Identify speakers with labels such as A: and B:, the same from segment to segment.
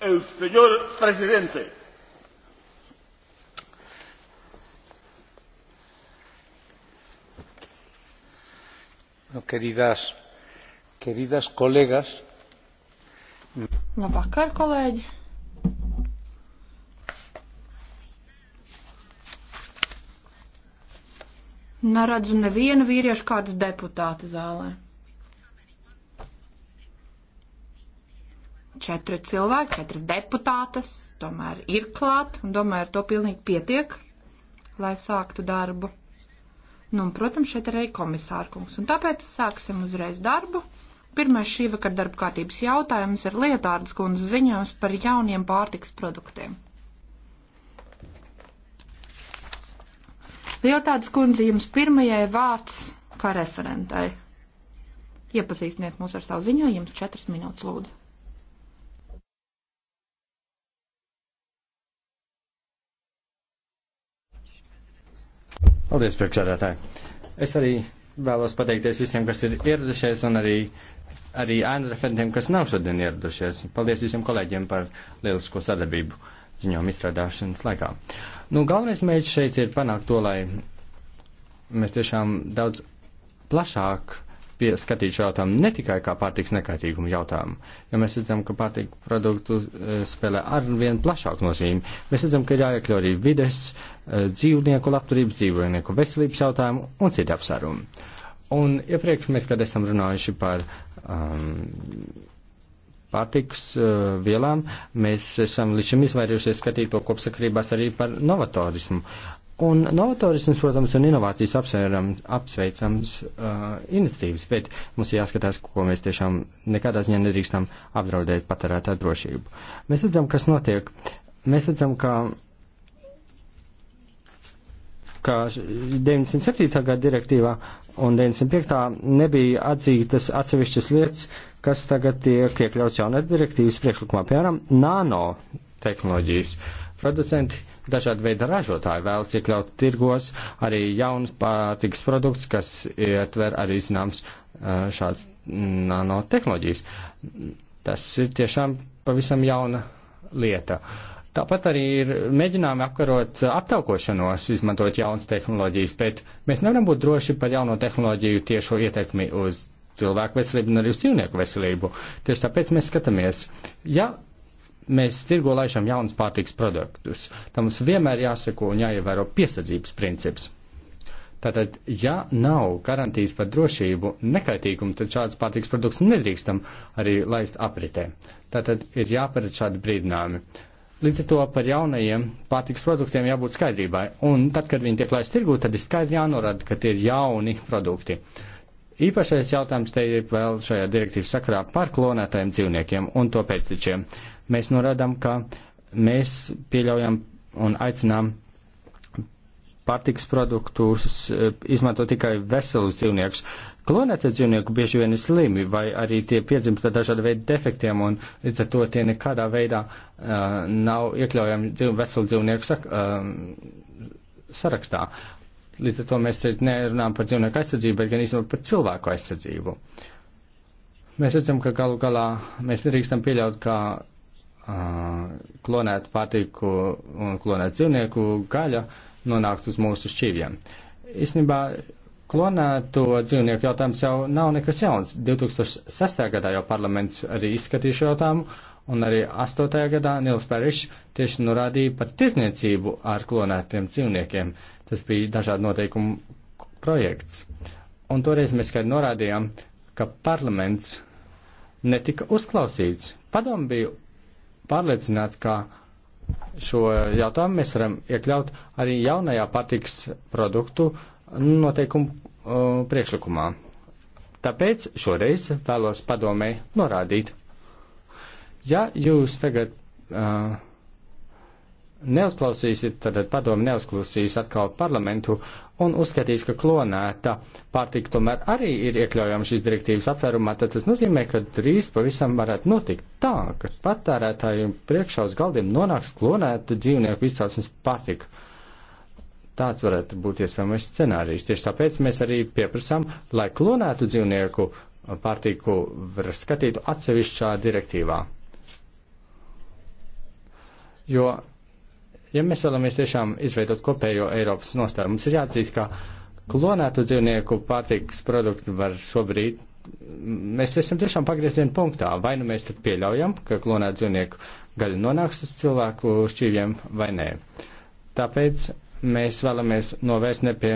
A: El señor presidente.
B: Bueno, queridas, queridas colegas.
C: Labvakar, kolēģi! Neredzu nevienu vīriešu kādas deputāta zālē. četri cilvēki, četras deputātas tomēr ir klāt, un domāju, ar to pilnīgi pietiek, lai sāktu darbu. Nu, un, protams, šeit ir arī komisārkungs, un tāpēc sāksim uzreiz darbu. Pirmais šī vakar darba kārtības jautājums ir lietārdas kundzes ziņojums par jauniem pārtiks produktiem. Lietārdas kundze jums pirmajai vārds kā referentai. Iepazīstiniet mūs ar savu ziņojumu, jums četras minūtes lūdzu.
B: Paldies, priekšsēdētāji. Es arī vēlos pateikties visiem, kas ir ieradušies, un arī, arī ēnu referentiem, kas nav šodien ieradušies. Paldies visiem kolēģiem par lielisko sadarbību ziņām izstrādāšanas laikā. Nu, galvenais mērķis šeit ir panākt to, lai mēs tiešām daudz plašāk skatīt šo jautājumu ne tikai kā pārtiks nekaitīgumu jautājumu, jo mēs redzam, ka pārtika produktu e, spēlē arvien plašāku nozīmi. Mēs redzam, ka ir jāiekļau arī vides, e, dzīvnieku labturības, dzīvnieku veselības jautājumu un citi apsvērumi. Un iepriekš mēs, kad esam runājuši par um, pārtiks uh, vielām, mēs esam līdz šim izvairījušies skatīt to kopsakrībās arī par novatorismu. Un novatorisms, protams, un inovācijas apsvēram, apsveicams uh, iniciatīvas, bet mums ir jāskatās, ko mēs tiešām nekādā ziņā nedrīkstam apdraudēt patērētāju drošību. Mēs redzam, kas notiek. Mēs redzam, ka, ka 97. gada direktīvā un 95. nebija atzītas atsevišķas lietas, kas tagad tiek iekļauts jaunā direktīvas priekšlikumā, piemēram, nano tehnoloģijas. Uh, Producenti, dažādi veidi ražotāji vēlas iekļaut tirgos arī jaunus pārtiks produktus, kas ietver arī zināms šāds nanotehnoloģijas. Tas ir tiešām pavisam jauna lieta. Tāpat arī ir mēģinājumi apkarot aptaukošanos, izmantot jaunas tehnoloģijas, bet mēs nevaram būt droši par jauno tehnoloģiju tiešo ietekmi uz cilvēku veselību un arī uz dzīvnieku veselību. Tieši tāpēc mēs skatāmies, ja mēs tirgo laišam jaunas pārtiks produktus. Tam mums vienmēr jāseko un jāievēro piesardzības princips. Tātad, ja nav garantijas par drošību, nekaitīgumu, tad šāds pārtiks produkts nedrīkstam arī laist apritē. Tātad ir jāparedz šādi brīdinājumi. Līdz ar to par jaunajiem pārtiks produktiem jābūt skaidrībai. Un tad, kad viņi tiek laist tirgū, tad ir skaidri jānorada, ka tie ir jauni produkti. Īpašais jautājums te ir vēl šajā direktīvas sakarā par klonētajiem dzīvniekiem un to pēctečiem. Uh, Mēs norādām, ka mēs pieļaujam un aicinām pārtiks produktus eh, izmanto tikai veselus dzīvniekus. Klonētie dzīvnieki bieži vien ir slimi vai arī tie piedzimst ar dažādu veidu defektiem un līdz ar to tie nekādā veidā uh, nav iekļaujami dzīv, veselu dzīvnieku sak, uh, sarakstā. Līdz ar to mēs šeit nerunājam par dzīvnieku aizsardzību, bet gan īstenībā par cilvēku aizsardzību. Mēs redzam, ka galu galā mēs nedrīkstam pieļaut, ka klonētu pārtiku un klonētu dzīvnieku gaļa nonākt uz mūsu šķīviem. Īstenībā klonēto dzīvnieku jautājums jau nav nekas jauns. 2006. gadā jau parlaments arī izskatīja šo jautājumu, un arī 8. gadā Nils Perišs tieši norādīja par tirzniecību ar klonētiem dzīvniekiem. Tas bija dažādu noteikumu projekts. Un toreiz mēs skaidri norādījām, ka parlaments netika uzklausīts. Padomu bija pārliecināti, ka šo jautājumu mēs varam iekļaut arī jaunajā pārtiks produktu noteikumu uh, priekšlikumā. Tāpēc šoreiz vēlos padomē norādīt. Ja jūs tagad uh, neuzklausīsiet, tad padomu neuzklausīs atkal parlamentu un uzskatīs, ka klonēta pārtika tomēr arī ir iekļaujama šīs direktīvas apvērumā, tad tas nozīmē, ka drīz pavisam varētu notikt tā, ka patērētājiem priekšā uz galdiem nonāks klonēta dzīvnieku izcelsmes pārtika. Tāds varētu būt iespējamais scenārijs. Tieši tāpēc mēs arī pieprasām, lai klonētu dzīvnieku pārtiku skatītu atsevišķā direktīvā. Jo ja mēs vēlamies tiešām izveidot kopējo Eiropas nostāju, mums ir jāatzīst, ka klonētu dzīvnieku pārtikas produktu var šobrīd. Mēs esam tiešām pagrieziena punktā. Vai nu mēs tad pieļaujam, ka klonētu dzīvnieku gaļa nonāks uz cilvēku šķīviem vai nē. Tāpēc mēs vēlamies novērst nepie,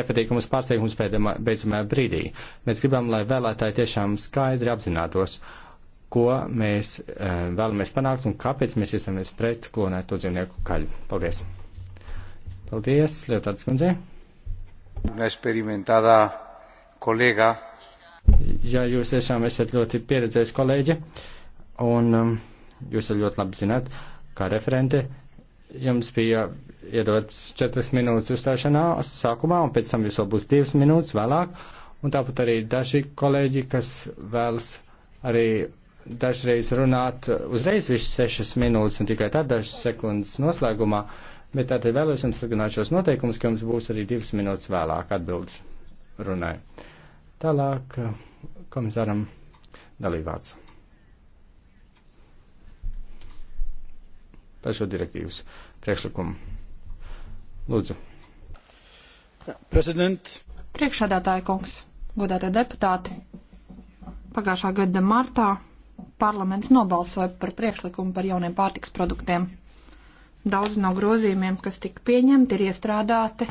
B: nepatīkamus pārsteigumus beidzamajā brīdī. Mēs gribam, lai vēlētāji tiešām skaidri apzinātos, uh, ko mēs eh, vēlamies panākt un kāpēc mēs iestāmies pret klonēto dzīvnieku kaļu. Paldies! Paldies, Lietuvāts kundze! Experimentādā kolēga. Jā, jūs tiešām esat ļoti pieredzējis kolēģi, un um, jūs jau ļoti labi zināt, kā referente, jums bija iedots 4 minūtes uzstāšanās sākumā, un pēc tam jūs vēl būs 2 minūtes vēlāk, un tāpat arī daži kolēģi, kas vēlas arī dažreiz runāt uzreiz visas sešas minūtes un tikai tad dažas sekundes noslēgumā, bet tātad vēlos jums sludināt šos noteikumus, ka jums būs arī divas minūtes vēlāk atbildes runai. Tālāk eh, komisāram dalībvārds. Par šo direktīvas priekšlikumu. Lūdzu.
C: Prezident. Priekšādātāja kungs, godātie deputāti, pagājušā gada martā parlaments nobalsoja par priekšlikumu par jauniem pārtiks produktiem. Daudz no grozījumiem, kas tika pieņemti, ir iestrādāti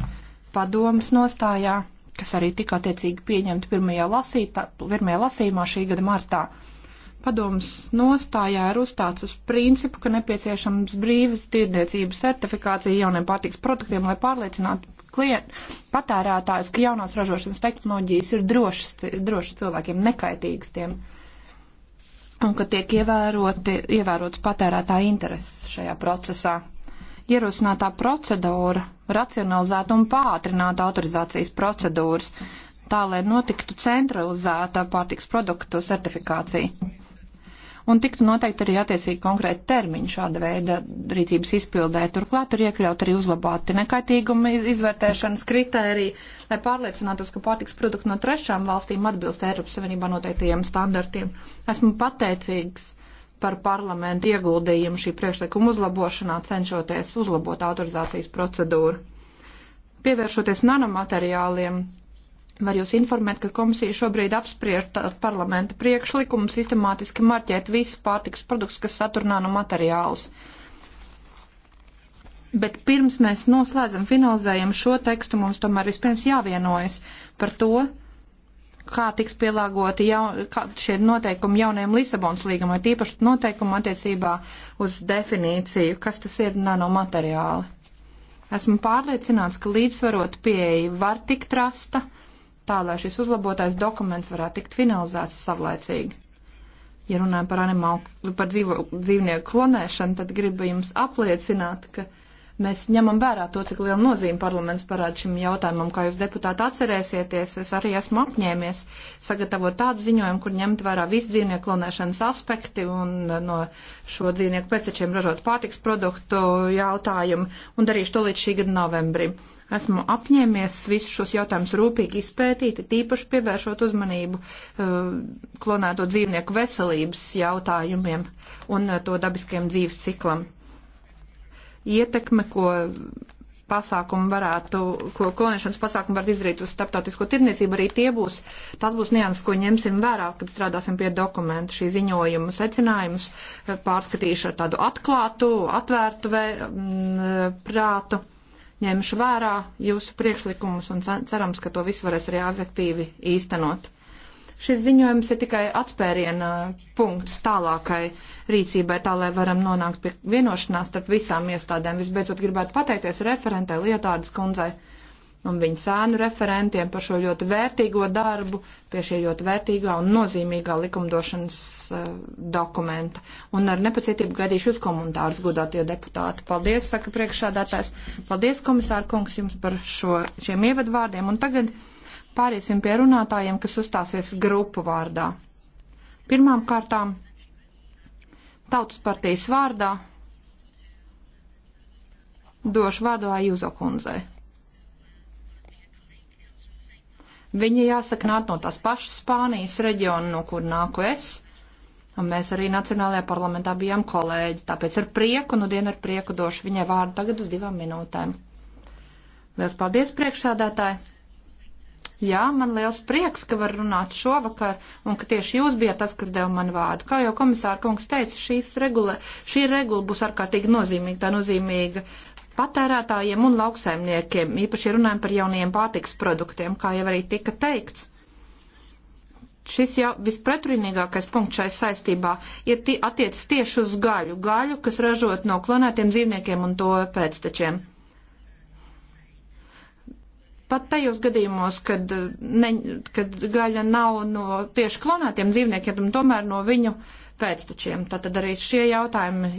C: padomas nostājā, kas arī tika attiecīgi pieņemti pirmajā, lasītā, pirmajā lasījumā šī gada martā. Padomas nostājā ir uzstāts uz principu, ka nepieciešams brīvas tirdzniecības certifikācija jauniem pārtiks produktiem, lai pārliecinātu, klientu, patērētājus, ka jaunās ražošanas tehnoloģijas ir drošas, drošas cilvēkiem, nekaitīgas tiem. Uh, un ka tiek ievēroti, ievērots patērētāja intereses šajā procesā. Ierosinātā procedūra racionalizēta un pātrināta autorizācijas procedūras, tā lai notiktu centralizēta pārtiks produktu certifikācija un tiktu noteikti arī attiecīgi konkrēti termiņi šāda veida rīcības izpildē. Turklāt ir iekļaut arī uzlabāti nekaitīguma izvērtēšanas kritēriji, lai pārliecinātos, ka pārtiks produkti no trešām valstīm atbilst Eiropas Savienībā noteiktajiem standartiem. Esmu pateicīgs par parlamentu ieguldījumu šī priekšlikuma uzlabošanā, cenšoties uzlabot autorizācijas procedūru. Pievēršoties nanomateriāliem, Var jūs informēt, ka komisija šobrīd apspriež parlamenta priekšlikumu sistemātiski marķēt visus pārtikas produktus, kas satur nanomateriālus. Bet pirms mēs noslēdzam, finalizējam šo tekstu, mums tomēr vispirms jāvienojas par to, kā tiks pielāgoti jaun, kā šie noteikumi jaunajam Lisabonas līgumam, tīpaši noteikumi attiecībā uz definīciju, kas tas ir nanomateriāli. Esmu pārliecināts, ka līdzsvarot pieeja var tikt rasta tā, lai šis uzlabotais dokuments varētu tikt finalizēts savlaicīgi. Ja runājam par, animālu, par dzīvo, dzīvnieku klonēšanu, tad gribu jums apliecināt, ka mēs ņemam vērā to, cik liela nozīme parlaments parāda šim jautājumam. Kā jūs deputāti atcerēsieties, es arī esmu apņēmies sagatavot tādu ziņojumu, kur ņemt vērā visi dzīvnieku klonēšanas aspekti un uh, no šo dzīvnieku pēctečiem ražot pārtiks produktu jautājumu un darīšu to līdz šī gada novembrim. Esmu apņēmies visus šos jautājumus rūpīgi izpētīt, tīpaši pievēršot uzmanību eh, klonēto dzīvnieku veselības jautājumiem un eh, to dabiskajam dzīves ciklam. Ietekme, ko pasākumu varētu, ko klonēšanas pasākumu var izdarīt uz starptautisko tirniecību, arī tie būs, tas būs nianses, ko ņemsim vērā, kad strādāsim pie dokumentu šī ziņojuma secinājumus, eh, pārskatīšu ar tādu atklātu, atvērtu vē, m, prātu ņemšu vērā jūsu priekšlikumus un cerams, ka to visu varēs arī efektīvi īstenot. Šis ziņojums ir tikai atspēriena punkts tālākai rīcībai, tā lai varam nonākt pie vienošanās starp visām iestādēm. Visbeidzot, gribētu pateikties referentai Lietādas kundzei un viņu sēnu referentiem par šo ļoti vērtīgo darbu pie šī ļoti vērtīgā un nozīmīgā likumdošanas uh, dokumenta. Un ar nepacietību gaidīšu uz komentārus, godātie deputāti. Paldies, saka priekšādātājs. Paldies, komisāra kungs, jums par šo, šiem ievadvārdiem. Un tagad pāriesim pie runātājiem, kas uzstāsies grupu vārdā. Pirmām kārtām Tautas partijas vārdā došu vārdu Ajūzo kundzei. Viņi, jāsaka, nāk no tās pašas Spānijas reģiona, no kur nāku es. Un mēs arī Nacionālajā parlamentā bijām kolēģi, tāpēc ar prieku, nu dienu ar prieku došu viņai vārdu tagad uz divām minūtēm. Liels paldies, priekšsādātāji! Jā, man liels prieks, ka var runāt šovakar un ka tieši jūs bijat tas, kas deva man vārdu. Kā jau komisāra kungs teica, šīs regula, šī regula būs ārkārtīgi nozīmīga, tā nozīmīga patērētājiem un lauksaimniekiem, īpaši runājam par jaunajiem pārtiks produktiem, kā jau arī tika teikts. Šis jau vispretrunīgākais punkts šai saistībā ir tie, attiec tieši uz gaļu, gaļu, kas ražot no klonētiem dzīvniekiem un to pēctečiem pat tajos gadījumos, kad, ne, kad gaļa nav no tieši klonētiem dzīvniekiem, tomēr no viņu uh, pēctečiem. Tātad arī šie jautājumi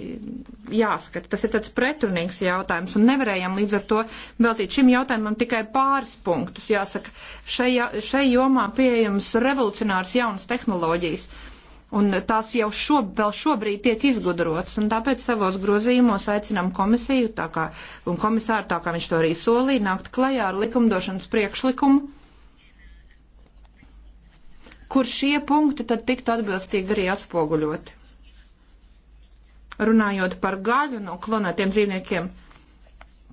C: jāskata. Tas ir tāds pretrunīgs jautājums, un nevarējām līdz ar to veltīt šim jautājumam tikai pāris punktus. Jāsaka, šajā, šai jomā pieejams revolucionārs jaunas tehnoloģijas. Un tās jau šo, vēl šobrīd tiek izgudrotas, un tāpēc savos grozījumos aicinām komisiju, tā kā, un komisāru, tā kā viņš to arī solīja, nākt klajā ar likumdošanas priekšlikumu, kur šie punkti tad tiktu atbilstīgi arī atspoguļoti. Runājot par gaļu no klonētiem dzīvniekiem,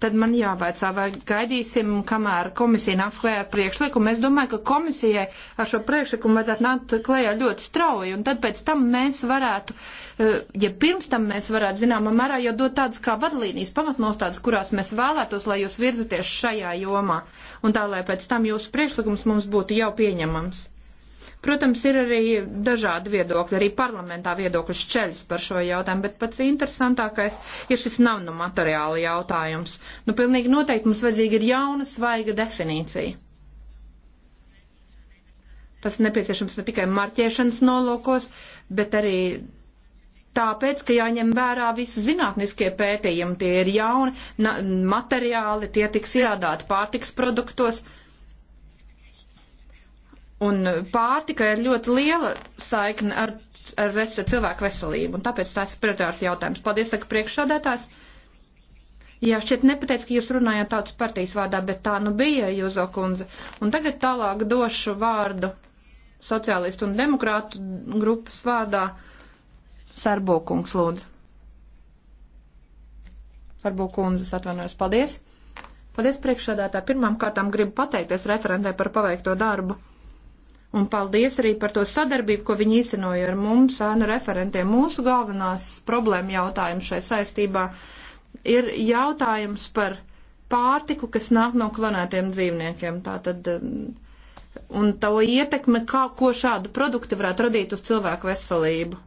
C: tad man jāvaicā, vai gaidīsim, kamēr komisija nāks klējā ar priekšlikumu. Es domāju, ka komisijai ar šo priekšlikumu vajadzētu nākt klējā ļoti strauji, un tad pēc tam mēs varētu, eh, ja pirms tam mēs varētu, zināmā mērā, jau dot tādas kā vadlīnijas pamatnostādes, kurās mēs vēlētos, lai jūs virzaties šajā jomā, un tā, lai pēc tam jūsu priekšlikums mums būtu jau pieņemams. Protams, ir arī dažādi viedokļi, arī parlamentā viedokļi šķeļas par šo jautājumu, bet pats interesantākais ir šis nav nu materiāla jautājums. Nu, pilnīgi noteikti mums vajadzīga ir jauna, svaiga definīcija. Tas nepieciešams ne tikai marķēšanas nolūkos, bet arī tāpēc, ka jāņem vērā visi zinātniskie pētījumi, tie ir jauni materiāli, tie tiks izstrādāti pārtiks produktos. Uh, Un pārtika ir ļoti liela saikne ar, ar ves, cilvēku veselību, un tāpēc tas ir prioritārs jautājums. Paldies, saka priekšsādātājs. Jā, šķiet nepateic, ka jūs runājāt tautas partijas vārdā, bet tā nu bija, Jūzo kundze. Un tagad tālāk došu vārdu sociālistu un demokrātu grupas vārdā Sarbokungs, lūdzu. Sarbokundzes atvainojos, paldies. Paldies priekšsādātā. Pirmām kārtām gribu pateikties referentē par paveikto darbu Un paldies arī par to sadarbību, ko viņi īstenoja ar mums, ēnu referentiem. Mūsu galvenās problēma jautājums šai saistībā ir jautājums par pārtiku, kas nāk no klonētiem dzīvniekiem. Tātad, um, un to ietekme, kā, ko šādu produktu varētu radīt uz cilvēku veselību.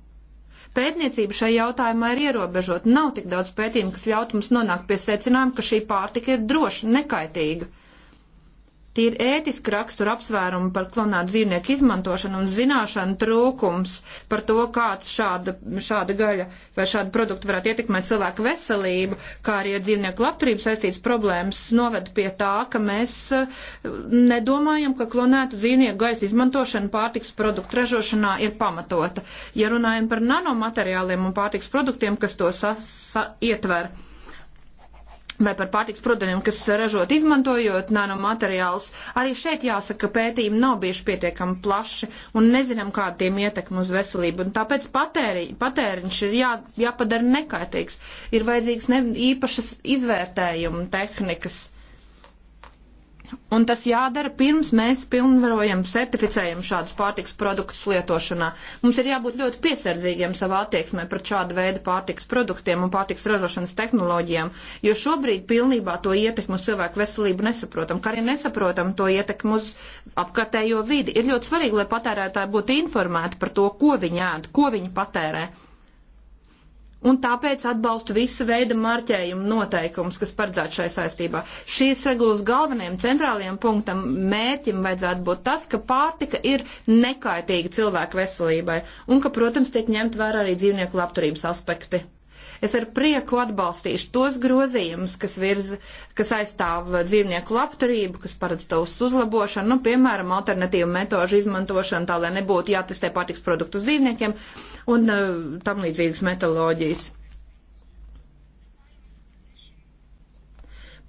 C: Pētniecība šai jautājumā ir ierobežota. Nav tik daudz pētījumu, kas ļaut mums nonākt pie secinājuma, ka šī pārtika ir droša, nekaitīga Tīri ētiski rakstur apsvērumi par klonētu dzīvnieku izmantošanu un zināšanu trūkums par to, kāds šāda, šāda gaļa vai šāda produkta varētu ietekmēt cilvēku veselību, kā arī ar dzīvnieku labturību saistīts problēmas, noved pie tā, ka mēs eh, nedomājam, ka klonētu dzīvnieku gaisa izmantošana pārtiks produktu ražošanā ir pamatota. Ja runājam par nanomateriāliem un pārtiks produktiem, kas to sa sa ietver vai par pārtiks produktiem, kas ražot izmantojot nanomateriālus, arī šeit jāsaka, pētījumi nav bijuši pietiekami plaši un nezinām, kāda tiem ietekme uz veselību. Un tāpēc patēri, patēriņš ir jā, jāpadara nekaitīgs. Ir vajadzīgs ne, īpašas izvērtējuma tehnikas, Un tas jādara pirms mēs pilnvarojam, certificējam šādus pārtiks produktus lietošanā. Mums ir jābūt ļoti piesardzīgiem savā attieksmē pret šādu veidu pārtiks produktiem un pārtiks ražošanas tehnoloģijām, jo šobrīd pilnībā to ietekmu uz cilvēku veselību nesaprotam, kā arī nesaprotam to ietekmu uz apkārtējo vidi. Ir ļoti svarīgi, lai patērētāji būtu informēti par to, ko viņi ēd, ko viņi patērē un tāpēc atbalstu visu veidu marķējumu noteikumus, kas paredzētu šai saistībā. Šīs regulas galvenajam centrālajam punktam mērķim vajadzētu būt tas, ka pārtika ir nekaitīga cilvēku veselībai un ka, protams, tiek ņemt vērā arī dzīvnieku labturības aspekti. Es ar prieku atbalstīšu tos grozījumus, kas, virza, kas aizstāv dzīvnieku labturību, kas paredz tos uzlabošanu, nu, piemēram, alternatīvu metožu izmantošanu, tā lai nebūtu jātestē pārtiks produktu uz dzīvniekiem un uh, tam līdzīgas metoloģijas.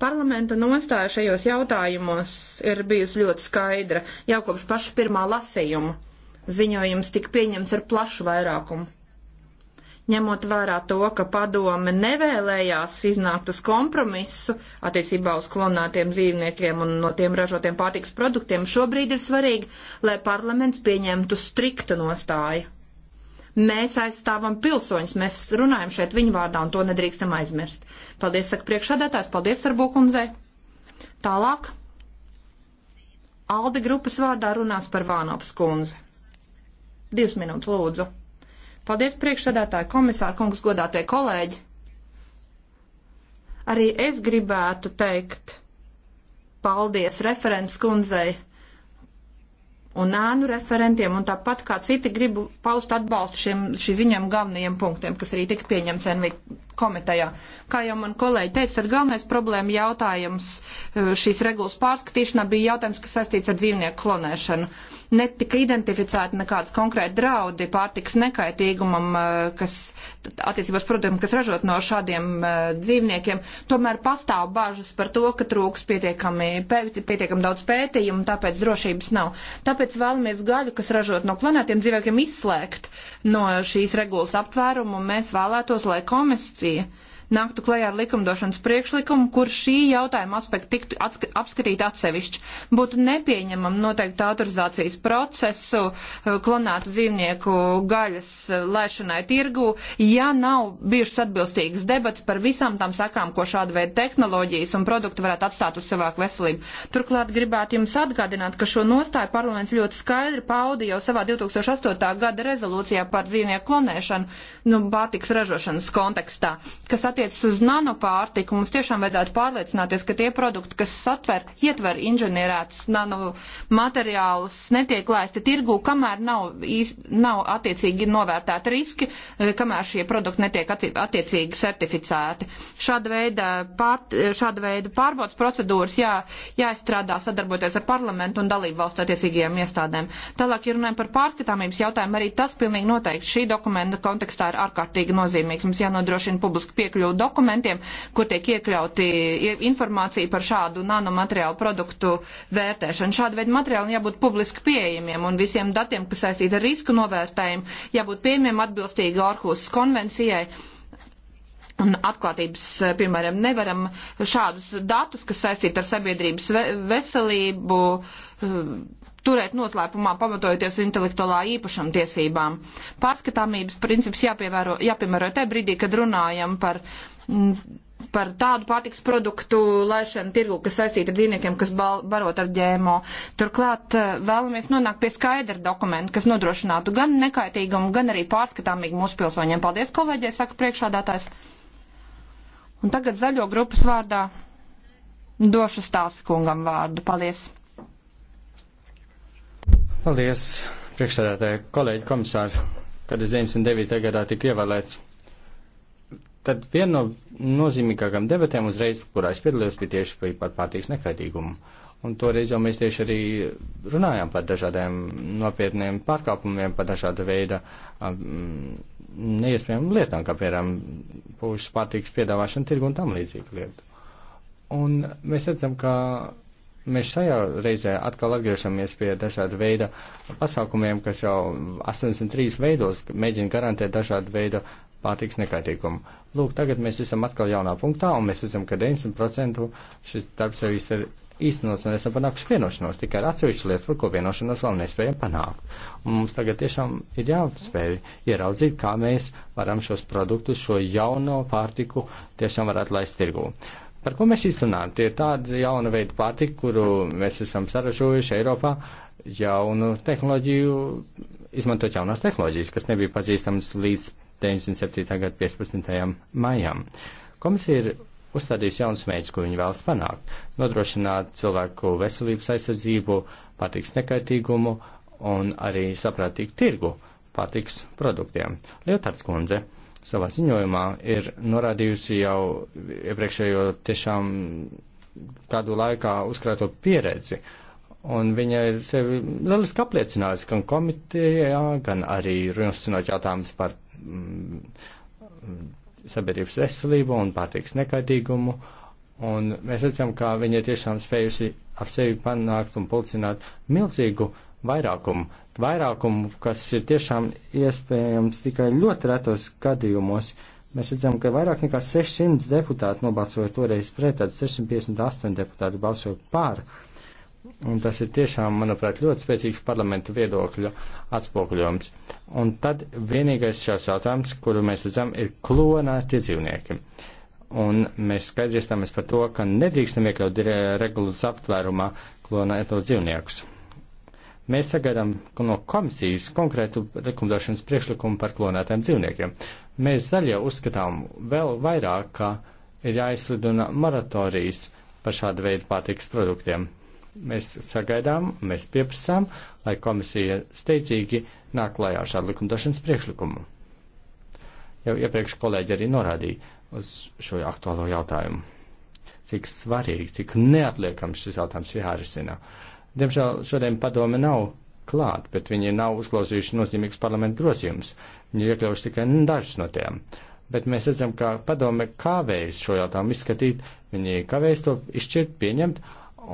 C: Parlamenta nostāja šajos jautājumos ir bijusi ļoti skaidra jau kopš paša pirmā lasījuma. Ziņojums tika pieņemts ar plašu vairākumu ņemot vērā to, ka padome nevēlējās iznākt uz kompromisu attiecībā uz klonētiem dzīvniekiem un no tiem ražotiem pārtiks produktiem, šobrīd ir svarīgi, lai parlaments pieņemtu striktu nostāju. Mēs aizstāvam pilsoņus, mēs runājam šeit viņu vārdā un to nedrīkstam aizmirst. Paldies, saka priekšādātājs, paldies, Sarbukundzei. Tālāk. Alde grupas vārdā runās par Vānopas kundzi. Divas minūtes, lūdzu. Paldies priekšsēdētāji, komisāri, kungs, godātie kolēģi. Arī es gribētu teikt paldies referents kundzei un ēnu referentiem, un tāpat kā citi gribu paust atbalstu šiem, šī ziņām galvenajiem punktiem, kas arī tika pieņemts NV komitejā. Kā jau man kolēģi teica, tad galvenais problēma jautājums e, šīs regulas pārskatīšanā bija jautājums, kas saistīts ar dzīvnieku klonēšanu. Netika identificēti nekāds konkrēti draudi pārtiks nekaitīgumam, e, kas attiecībās produktiem, kas ražot no šādiem e, dzīvniekiem. Tomēr pastāv bažas par to, ka trūks pietiekami, pietiekami daudz pētījumu, tāpēc drošības nav. Tāpēc vēlamies gaļu, kas ražot no klonētiem dzīvniekiem, izslēgt no šīs regulas aptvērumu. Mēs vēlētos, lai komisija Turcija nāktu klajā ar likumdošanas priekšlikumu, kur šī jautājuma aspekta tiktu apskatīt atsevišķi. Būtu nepieņemam noteikti autorizācijas procesu eh, klonētu dzīvnieku gaļas eh, lēšanai tirgu, ja nav bijušas atbilstīgas debats par visām tām sakām, ko šāda veida tehnoloģijas un produkti varētu atstāt uz savāku veselību. Turklāt gribētu jums atgādināt, ka šo nostāju parlaments ļoti skaidri paudi jau savā 2008. gada rezolūcijā par dzīvnieku klonēšanu nu, pārtiks ražošanas kontekstā, kas attiecas uz nanopārtiku, mums tiešām vajadzētu pārliecināties, ka tie produkti, kas satver, ietver inženierētus nanomateriālus, netiek laisti tirgū, kamēr nav, īs, nav attiecīgi novērtēti riski, eh, kamēr šie produkti netiek attiecīgi certificēti. Šāda veida, pār, šāda veida pārbaudas procedūras jā, jāizstrādā sadarboties ar parlamentu un dalību valstu attiecīgajām iestādēm. Tālāk, ja runājam par pārskatāmības jautājumu, arī tas pilnīgi noteikti šī dokumenta kontekstā ir ārkārtīgi nozīmīgs. Mums jānodrošina publiska piekļuva piekļuvu dokumentiem, kur tiek iekļauti informācija par šādu nanomateriālu produktu vērtēšanu. Šāda veida materiāli jābūt publiski pieejamiem un visiem datiem, kas saistīti ar risku novērtējumu, jābūt pieejamiem atbilstīgi Orhus konvencijai. Un atklātības, e, piemēram, nevaram šādus datus, kas saistīti ar sabiedrības veselību, e, turēt noslēpumā pamatojoties intelektuālā īpašuma tiesībām. Pārskatāmības princips jāpievēro, jāpiemēro te brīdī, kad runājam par, mm, par tādu pārtiks produktu laišanu tirgu, kas saistīta ar dzīvniekiem, kas bal, barot ar ģēmo. Turklāt eh, vēlamies nonākt pie skaidra dokumenta, kas nodrošinātu gan nekaitīgumu, gan arī pārskatāmību mūsu pilsoņiem. Paldies, kolēģi, saka priekšādātājs. Un tagad zaļo grupas vārdā došu stāsta kungam vārdu. Paldies!
B: Paldies, priekšsēdētāji, kolēģi komisāri, kad es 99. gadā tika ievēlēts. Tad viena no nozīmīgākām debatēm uzreiz, kurā es piedalījos, bija tieši par pārtīks nekaitīgumu. Un toreiz jau mēs tieši arī runājām par dažādiem nopietniem pārkāpumiem, par dažāda veida um, neiespējamām lietām, kā piemēram pušas pārtīks piedāvāšana tirgu un tam līdzīgi lietu. Un mēs redzam, ka Mēs šajā reizē atkal atgriežamies pie dažāda veida pasākumiem, kas jau 83 veidos mēģina garantēt dažādu veidu pārtiks nekaitīgumu. Lūk, tagad mēs esam atkal jaunā punktā, un mēs redzam, ka 90% šis darbs jau ir īstenots, un esam panākuši vienošanos tikai ar atsevišķu lietas, par ko vienošanos vēl nespējam panākt. Un mums tagad tiešām ir jāspēj ieraudzīt, kā mēs varam šos produktus, šo jauno pārtiku tiešām varētu laist tirgū. Uh, Par ko mēs izrunājam? Tie ir tāda jauna veida patika, kuru mēs esam saražojuši Eiropā jaunu tehnoloģiju, izmantot jaunās tehnoloģijas, kas nebija pazīstamas līdz 97. gada 15. maijam. Komisija ir uzstādījusi jaunus mērķus, ko viņi vēlas panākt - nodrošināt cilvēku veselības aizsardzību, patiks nekaitīgumu un arī saprātīgu tirgu patiks produktiem. Lietārds kundze savā ziņojumā ir norādījusi jau iepriekšējo tiešām kādu laikā uzkrāto pieredzi. Un viņa ir sevi lieliski apliecinājusi gan komitejā, gan arī runāsinot jautājumus par mm, sabiedrības veselību un pārtīks nekaitīgumu. Un mēs redzam, ka viņa tiešām spējusi ar sevi panākt un pulcināt milzīgu uh, vairākumu. Vairākumu, kas ir tiešām iespējams tikai ļoti retos gadījumos. Mēs redzam, ka vairāk nekā 600 deputāti nobalsoja toreiz pret, tad 658 deputāti balsoja pār. Un tas ir tiešām, manuprāt, ļoti spēcīgs parlamenta viedokļa atspoguļojums. Un tad vienīgais šāds jautājums, kuru mēs redzam, ir klonēti dzīvnieki. Un mēs skaidri iestāmies par to, ka nedrīkstam iekļaut regulas aptvērumā klonēto dzīvniekus. Mēs sagaidām no komisijas konkrētu rekomendāšanas priekšlikumu par klonētiem dzīvniekiem. Mēs zaļie uzskatām vēl vairāk, ka ir jāizsludina moratorijas par šādu veidu pārtiks produktiem. Mēs sagaidām, mēs pieprasām, lai komisija steidzīgi nāk klajā ar šādu likumdošanas priekšlikumu. Jau iepriekš kolēģi arī norādīja uz šo aktuālo jautājumu. Cik svarīgi, cik neatliekams šis jautājums jārisina. Uh, Diemžēl šodien padome nav klāt, bet viņi nav uzklausījuši nozīmīgus parlamentu grozījumus. Viņi ir iekļaujuši tikai dažus no tiem. Bet mēs redzam, ka padome kavējas šo jautājumu izskatīt, viņi kavējas to izšķirt, pieņemt,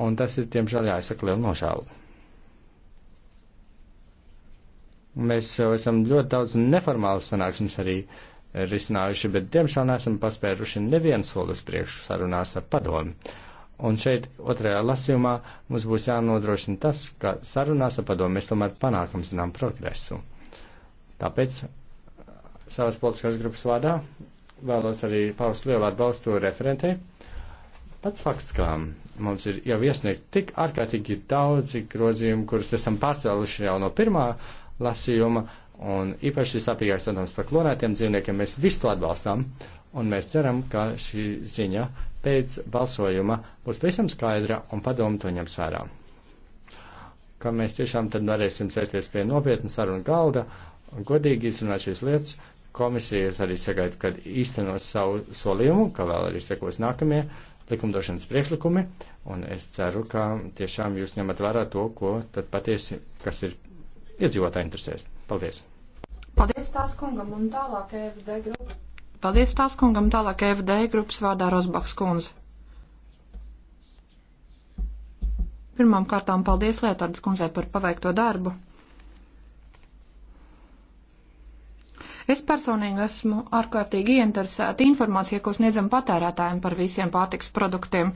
B: un tas ir, diemžēl, jāizsaka liela nožēla. Mēs esam ļoti daudz neformālu sanāksmes arī risinājuši, bet, diemžēl, neesam paspēruši nevienu solis priekšu sarunās ar padomu. Un šeit otrajā lasījumā mums būs jānodrošina tas, ka sarunās ar padomu mēs tomēr panākam zinām progresu. Tāpēc uh, savas politiskās grupas vārdā vēlos arī paust lielu atbalstu referentei. Pats fakts, ka mums ir jau iesniegt tik ārkārtīgi daudzi grozījumi, kurus esam pārcēluši jau no pirmā lasījuma, un īpaši sāpīgāks, protams, par klonētiem dzīvniekiem, mēs visu to atbalstām. Uh, un mēs ceram, ka šī ziņa pēc balsojuma būs pavisam skaidra un padomu to ņems vērā. Ka mēs tiešām tad varēsim sēsties pie nopietnas saruna galda un godīgi izrunāt šīs lietas. Komisijas arī sagaida, ka īstenos savu solījumu, ka vēl arī sekos nākamie likumdošanas priekšlikumi, un es ceru, ka tiešām jūs ņemat vērā to, ko tad patiesi, kas ir
C: iedzīvotāji interesēs. Paldies! Paldies tās kungam un tālāk EFD grupai. Paldies tās kungam, tālāk FD grupas vārdā Rosbachs kundze. Pirmām kārtām paldies Lietārdas kundzei par paveikto darbu. Es personīgi esmu ārkārtīgi ieinteresēta informācija, ko sniedzam patērētājiem par visiem pārtiks produktiem.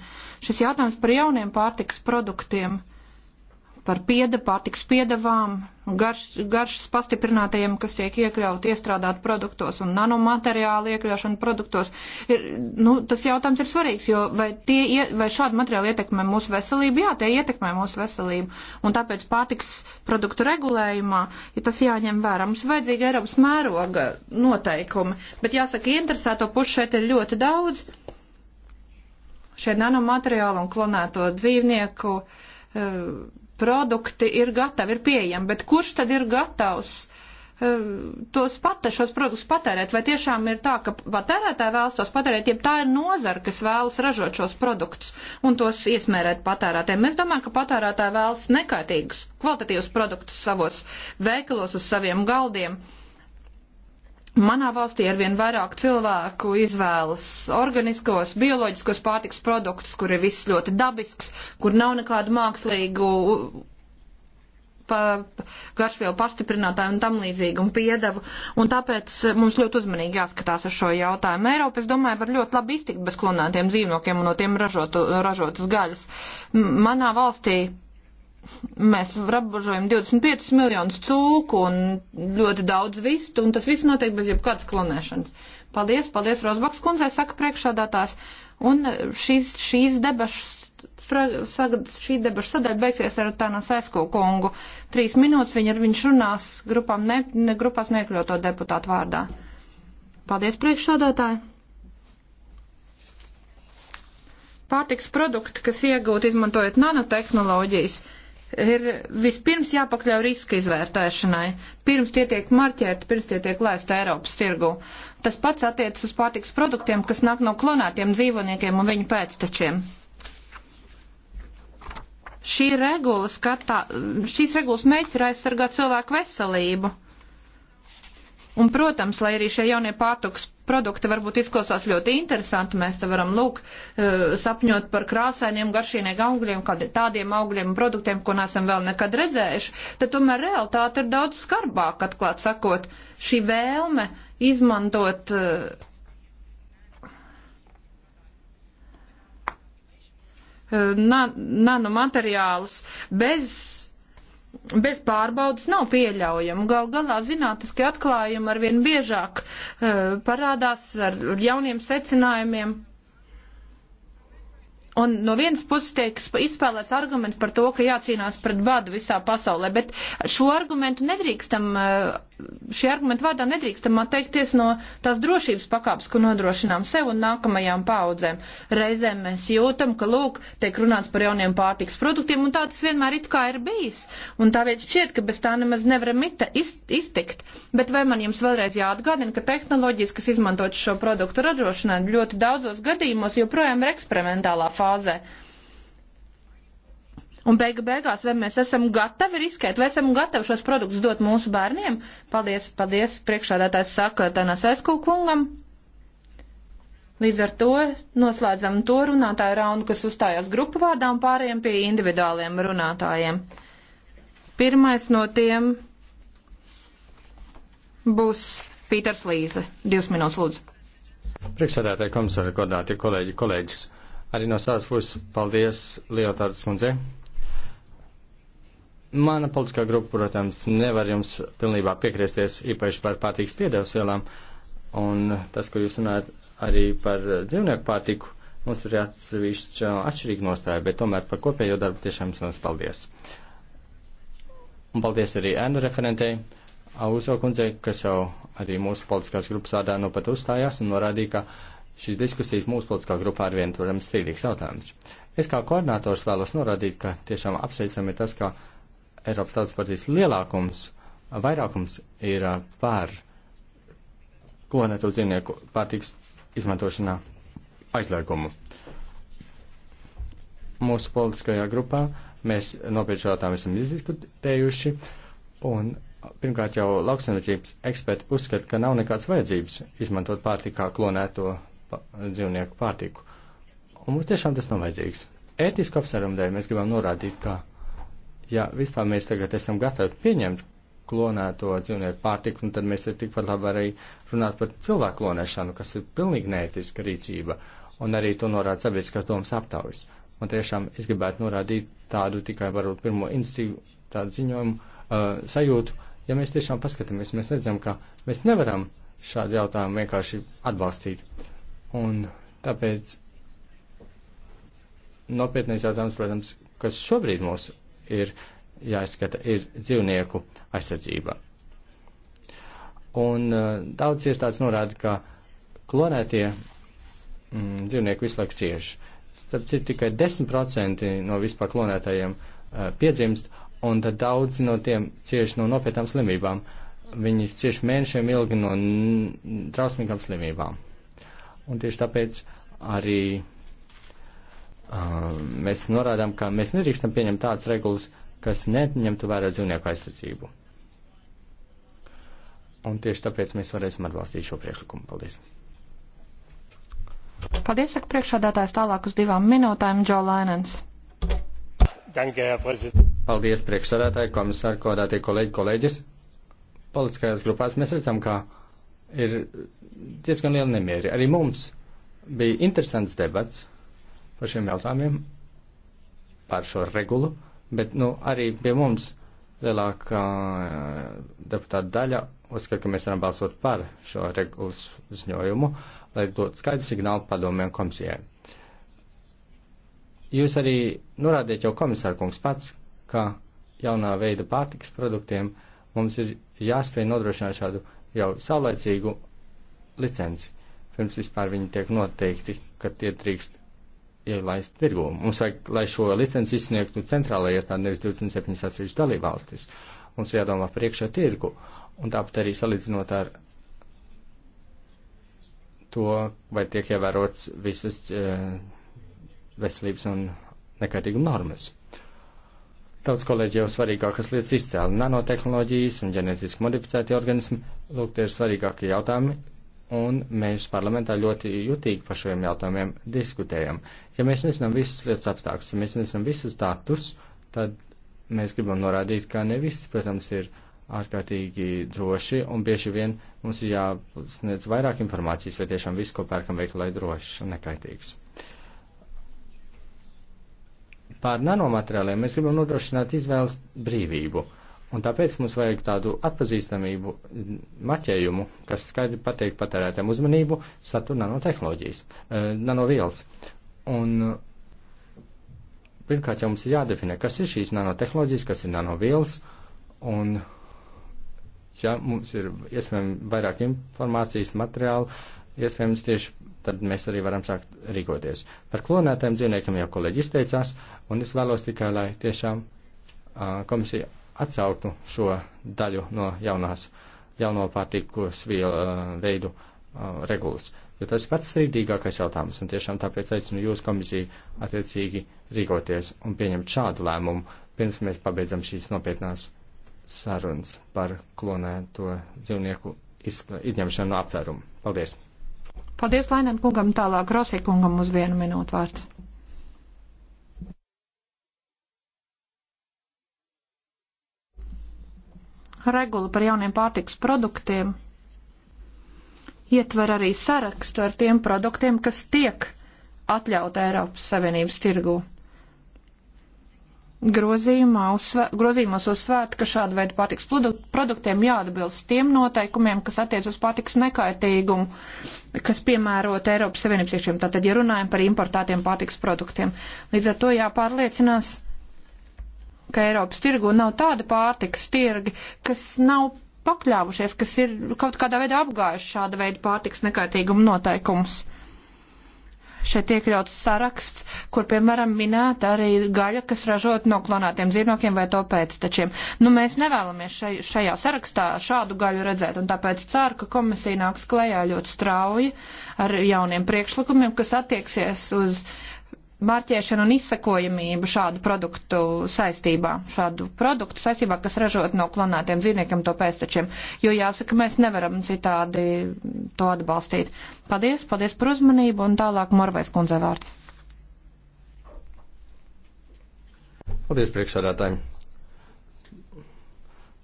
C: Šis jautājums par jauniem pārtiks produktiem par pieda, pārtiks piedavām, garš, garšas pastiprinātajiem, kas tiek iekļaut, iestrādāt produktos un nanomateriāli iekļaušana produktos. Ir, nu, tas jautājums ir svarīgs, jo vai, tie, vai šādi materiāli ietekmē mūsu veselību? Jā, tie ietekmē mūsu veselību. Un tāpēc pārtiks produktu regulējumā ja tas jāņem vērā. Mums vajadzīga Eiropas mēroga noteikumi, bet jāsaka, interesēto pušu šeit ir ļoti daudz. Šie nanomateriāli un klonēto dzīvnieku uh, produkti ir gatavi, ir pieejami, bet kurš tad ir gatavs eh, tos pat, šos produktus patērēt? Vai tiešām ir tā, ka patērētāji vēlas tos patērēt, ja tā ir nozara, kas vēlas ražot šos produktus un tos iesmērēt patērētājiem? Es domāju, ka patērētāji vēlas nekaitīgus, kvalitatīvus produktus savos veikalos uz saviem galdiem. Uh, Manā valstī arvien vairāk cilvēku izvēlas organiskos, bioloģiskos pārtiks produktus, kur ir viss ļoti dabisks, kur nav nekādu mākslīgu pa, garšvielu pastiprinātāju un tam līdzīgu un piedevu. Un tāpēc eh, mums ļoti uzmanīgi jāskatās uz šo jautājumu. Eiropa, es domāju, var ļoti labi iztikt bez klonētiem dzīvniekiem un no tiem ražotu, ražotas gaļas. Manā valstī Mēs rabažojam 25 miljonus cūku un ļoti daudz vistu, un tas viss notiek bez jebkādas klonēšanas. Paldies, paldies Rozbaks kundzei, saka priekšādātās. Un šīs, šīs debašas šī debaša sadaļa beigsies ar Tānu Sēsko kungu. Trīs minūtes viņa, viņš runās grupām ne, ne, grupās niekļoto deputātu vārdā. Paldies priekšsādātāji. Pārtiks produkti, kas iegūti izmantojot nanotehnoloģijas, ir vispirms jāpakļauj riska izvērtēšanai, pirms tie tiek marķēti, pirms tie tiek lēsti Eiropas tirgu. Tas pats attiecas uz pārtiks produktiem, kas nāk no klonētiem dzīvoniekiem un viņu pēctečiem. Šī regula skatā, šīs regulas mērķis ir aizsargāt cilvēku veselību Un, protams, lai arī šie jaunie pārtiks produkti varbūt izklausās ļoti interesanti, mēs te varam lūk eh, sapņot par krāsainiem, garšīgiem augļiem, tādiem augļiem un produktiem, ko neesam vēl nekad redzējuši, tad tomēr realitāte ir daudz skarbāka, atklāt sakot, šī vēlme izmantot eh, eh, nanomateriālus bez bez pārbaudas nav pieļaujama. Gal galā zinātniski atklājumi arvien biežāk uh, parādās ar jauniem secinājumiem. Un no vienas puses tiek izspēlēts arguments par to, ka jācīnās pret badu visā pasaulē, bet šo argumentu nedrīkstam uh, šī argumenta vārdā nedrīkstam atteikties no tās drošības pakāpes, ko nodrošinām sev un nākamajām paudzēm. Reizēm mēs jūtam, ka, lūk, tiek runāts par jauniem pārtiks produktiem, un tā tas vienmēr it kā ir bijis. Un tā vieta šķiet, ka bez tā nemaz nevaram iztikt. Bet vai man jums vēlreiz jāatgādina, ka tehnoloģijas, kas izmantotas šo produktu ražošanai, ļoti daudzos gadījumos joprojām ir eksperimentālā fāzē. Un beigu beigās, vai mēs esam gatavi riskēt, vai esam gatavi šos produktus dot mūsu bērniem? Paldies, paldies, priekšādātājs saka Tanas Eskūkungam. Līdz ar to noslēdzam to runātāju raundu, kas uzstājās grupu vārdā un pāriem pie individuāliem runātājiem. Pirmais no tiem būs Pīters Līze. Divas minūtes, lūdzu.
B: Priekšsēdētāji komisāri, godāti kolēģi, kolēģis. Arī no savas puses paldies Lietuvas kundzei Mana politiskā grupa, protams, nevar jums pilnībā piekriesties īpaši par pārtīks piedevsvielām, un tas, ko jūs runājat arī par dzīvnieku pārtiku, mums ir atsevišķa uh, atšķirīga nostāja, bet tomēr par kopējo darbu tiešām jums paldies. Un paldies arī ēnu referentei Auzo kundzei, kas jau arī mūsu politiskās grupas vārdā nu pat uzstājās un norādīja, ka šīs diskusijas mūsu politiskā grupā ir vien, protams, strīdīgs jautājums. Es kā koordinators vēlos norādīt, ka tiešām apsveicami ir tas, ka Eiropas Tautas partijas lielākums, vairākums ir uh, par klonetu dzīvnieku pārtiks izmantošanā aizliegumu. Mūsu politiskajā grupā mēs nopietni šo jautājumu esam izdiskutējuši, un uh, pirmkārt jau lauksaimniecības eksperti uzskata, ka nav nekāds vajadzības izmantot pārtikā klonēto dzīvnieku pārtiku. Un mums tiešām tas nav vajadzīgs. Ētisku apsvērumu dēļ mēs gribam norādīt, ka ja vispār mēs tagad esam gatavi pieņemt klonēto dzīvnieku pārtiku, un nu, tad mēs tikpat labi arī runāt par cilvēku klonēšanu, kas ir pilnīgi neētiska rīcība, un arī to norāda sabiedriskās domas aptaujas. Man tiešām es gribētu norādīt tādu tikai varbūt pirmo institīvu tādu ziņojumu uh, sajūtu, ja mēs tiešām paskatāmies, mēs redzam, ka mēs nevaram šādu jautājumu vienkārši atbalstīt. Un tāpēc nopietnais jautājums, protams, kas šobrīd mūsu ir jāizskata, ir dzīvnieku aizsardzība. Un uh, daudz iestādes norāda, ka klonētie mm, dzīvnieki visu laiku cieši. Starp citu, tikai 10% no vispār klonētajiem uh, piedzimst, un tad daudz no tiem cieši no nopietnām slimībām. Viņi cieši mēnešiem ilgi no drausmīgām slimībām. Un tieši tāpēc arī mēs norādām, ka mēs nedrīkstam pieņemt tādas regulas, kas neņemtu vērā dzīvnieku aizsardzību. Un tieši tāpēc mēs varēsim atbalstīt šo priekšlikumu. Paldies!
C: Paldies, saka priekšādātājs tālāk uz divām minūtēm, Džo Lainens.
B: Paldies, priekšsādātāji, komisāri, kodātie kolēģi, kolēģis. Politiskajās grupās mēs redzam, ka ir diezgan liela nemieri. Arī mums bija interesants debats par šiem jautājumiem, par šo regulu, bet nu, arī pie mums lielākā eh, deputāta daļa uzskata, ka mēs varam balsot par šo regulas ziņojumu, lai dotu skaidru signālu padomiem komisijai. Jūs arī norādījat jau komisārkungs pats, ka jaunā veida pārtikas produktiem mums ir jāspēj nodrošināt šādu jau saulēcīgu licenci, pirms vispār viņi tiek noteikti, ka tie drīkst ielaist tirgu. Mums vajag, lai šo licenci izsniegtu centrālajai iestādi, nevis 27 atsevišķi dalībvalstis. Mums jādomā par iekšējo tirgu. Un tāpat arī salīdzinot ar to, vai tiek ievērots visas e, veselības un nekaitīguma normas. Daudz kolēģi jau svarīgākas lietas izcēla - nanotehnoloģijas un ģenētiski modificēti organismi. Lūk, tie ir svarīgākie jautājumi, un mēs parlamentā ļoti jutīgi par šiem jautājumiem diskutējam. Ja mēs nezinām visus lietas apstākļus, ja mēs nezinām visus datus, tad mēs gribam norādīt, ka ne viss, protams, ir ārkārtīgi droši, un bieži vien mums ir jāsniedz vairāk informācijas, vai tiešām viss, ko pērkam veikalā, ir drošs un nekaitīgs. Pār nanomateriāliem mēs gribam nodrošināt izvēles brīvību. Uh, Un tāpēc mums vajag tādu atpazīstamību, maķējumu, kas skaidri pateikt patērētēm uzmanību satura nanotehnoloģijas, eh, nanovielas. Un pirmkārt jau mums ir jādefinē, kas ir šīs nanotehnoloģijas, kas ir nanovielas, un ja mums ir iespējams vairāk informācijas materiālu, iespējams tieši tad mēs arī varam sākt rīkoties. Par klonētiem dzīvniekiem jau kolēģi izteicās, un es vēlos tikai, lai tiešām uh, komisija atsauktu šo daļu no jaunās, jauno pārtīkos uh, veidu uh, regulas. Jo tas pats strīdīgākais jautājums, un tiešām tāpēc aicinu jūs komisiju attiecīgi rīkoties un pieņemt šādu lēmumu, pirms mēs pabeidzam šīs nopietnās sarunas par klonēto dzīvnieku izņemšanu no aptvērumu. Paldies!
C: Paldies Lainam kungam, tālāk Rosī kungam uz vienu minūtu vārds. regula par jauniem pārtiks produktiem ietver arī sarakstu ar tiem produktiem, kas tiek atļauta Eiropas Savienības tirgū. Uzsvēr, grozījumos uzsvērt, ka šāda veida pārtiks produktiem jāatbilst tiem noteikumiem, kas attiec uz pārtiks nekaitīgumu, kas piemērot Eiropas Savienības iekšiem. Tātad, ja runājam par importētiem pārtiks produktiem, līdz ar to jāpārliecinās, ka Eiropas tirgu nav tāda pārtikas tirgi, kas nav pakļāvušies, kas ir kaut kādā veidā apgājuši šāda veida pārtiks nekaitīguma noteikumus. Šeit iekļauts saraksts, kur, piemēram, minēta arī gaļa, kas ražot no klonātiem dzīvniekiem vai to pēctečiem. Nu, mēs nevēlamies šai, šajā sarakstā šādu gaļu redzēt, un tāpēc ceru, ka komisija nāks klējā ļoti strauji ar jauniem priekšlikumiem, kas attieksies uz uh, marķēšanu un izsakojamību šādu produktu saistībā, šādu produktu saistībā, kas ražot no klonētiem dzīvniekiem to pēstečiem, jo jāsaka, mēs nevaram citādi to atbalstīt. Paldies, paldies par uzmanību un tālāk Morvais kundzei vārds.
B: Paldies priekšsādātājiem.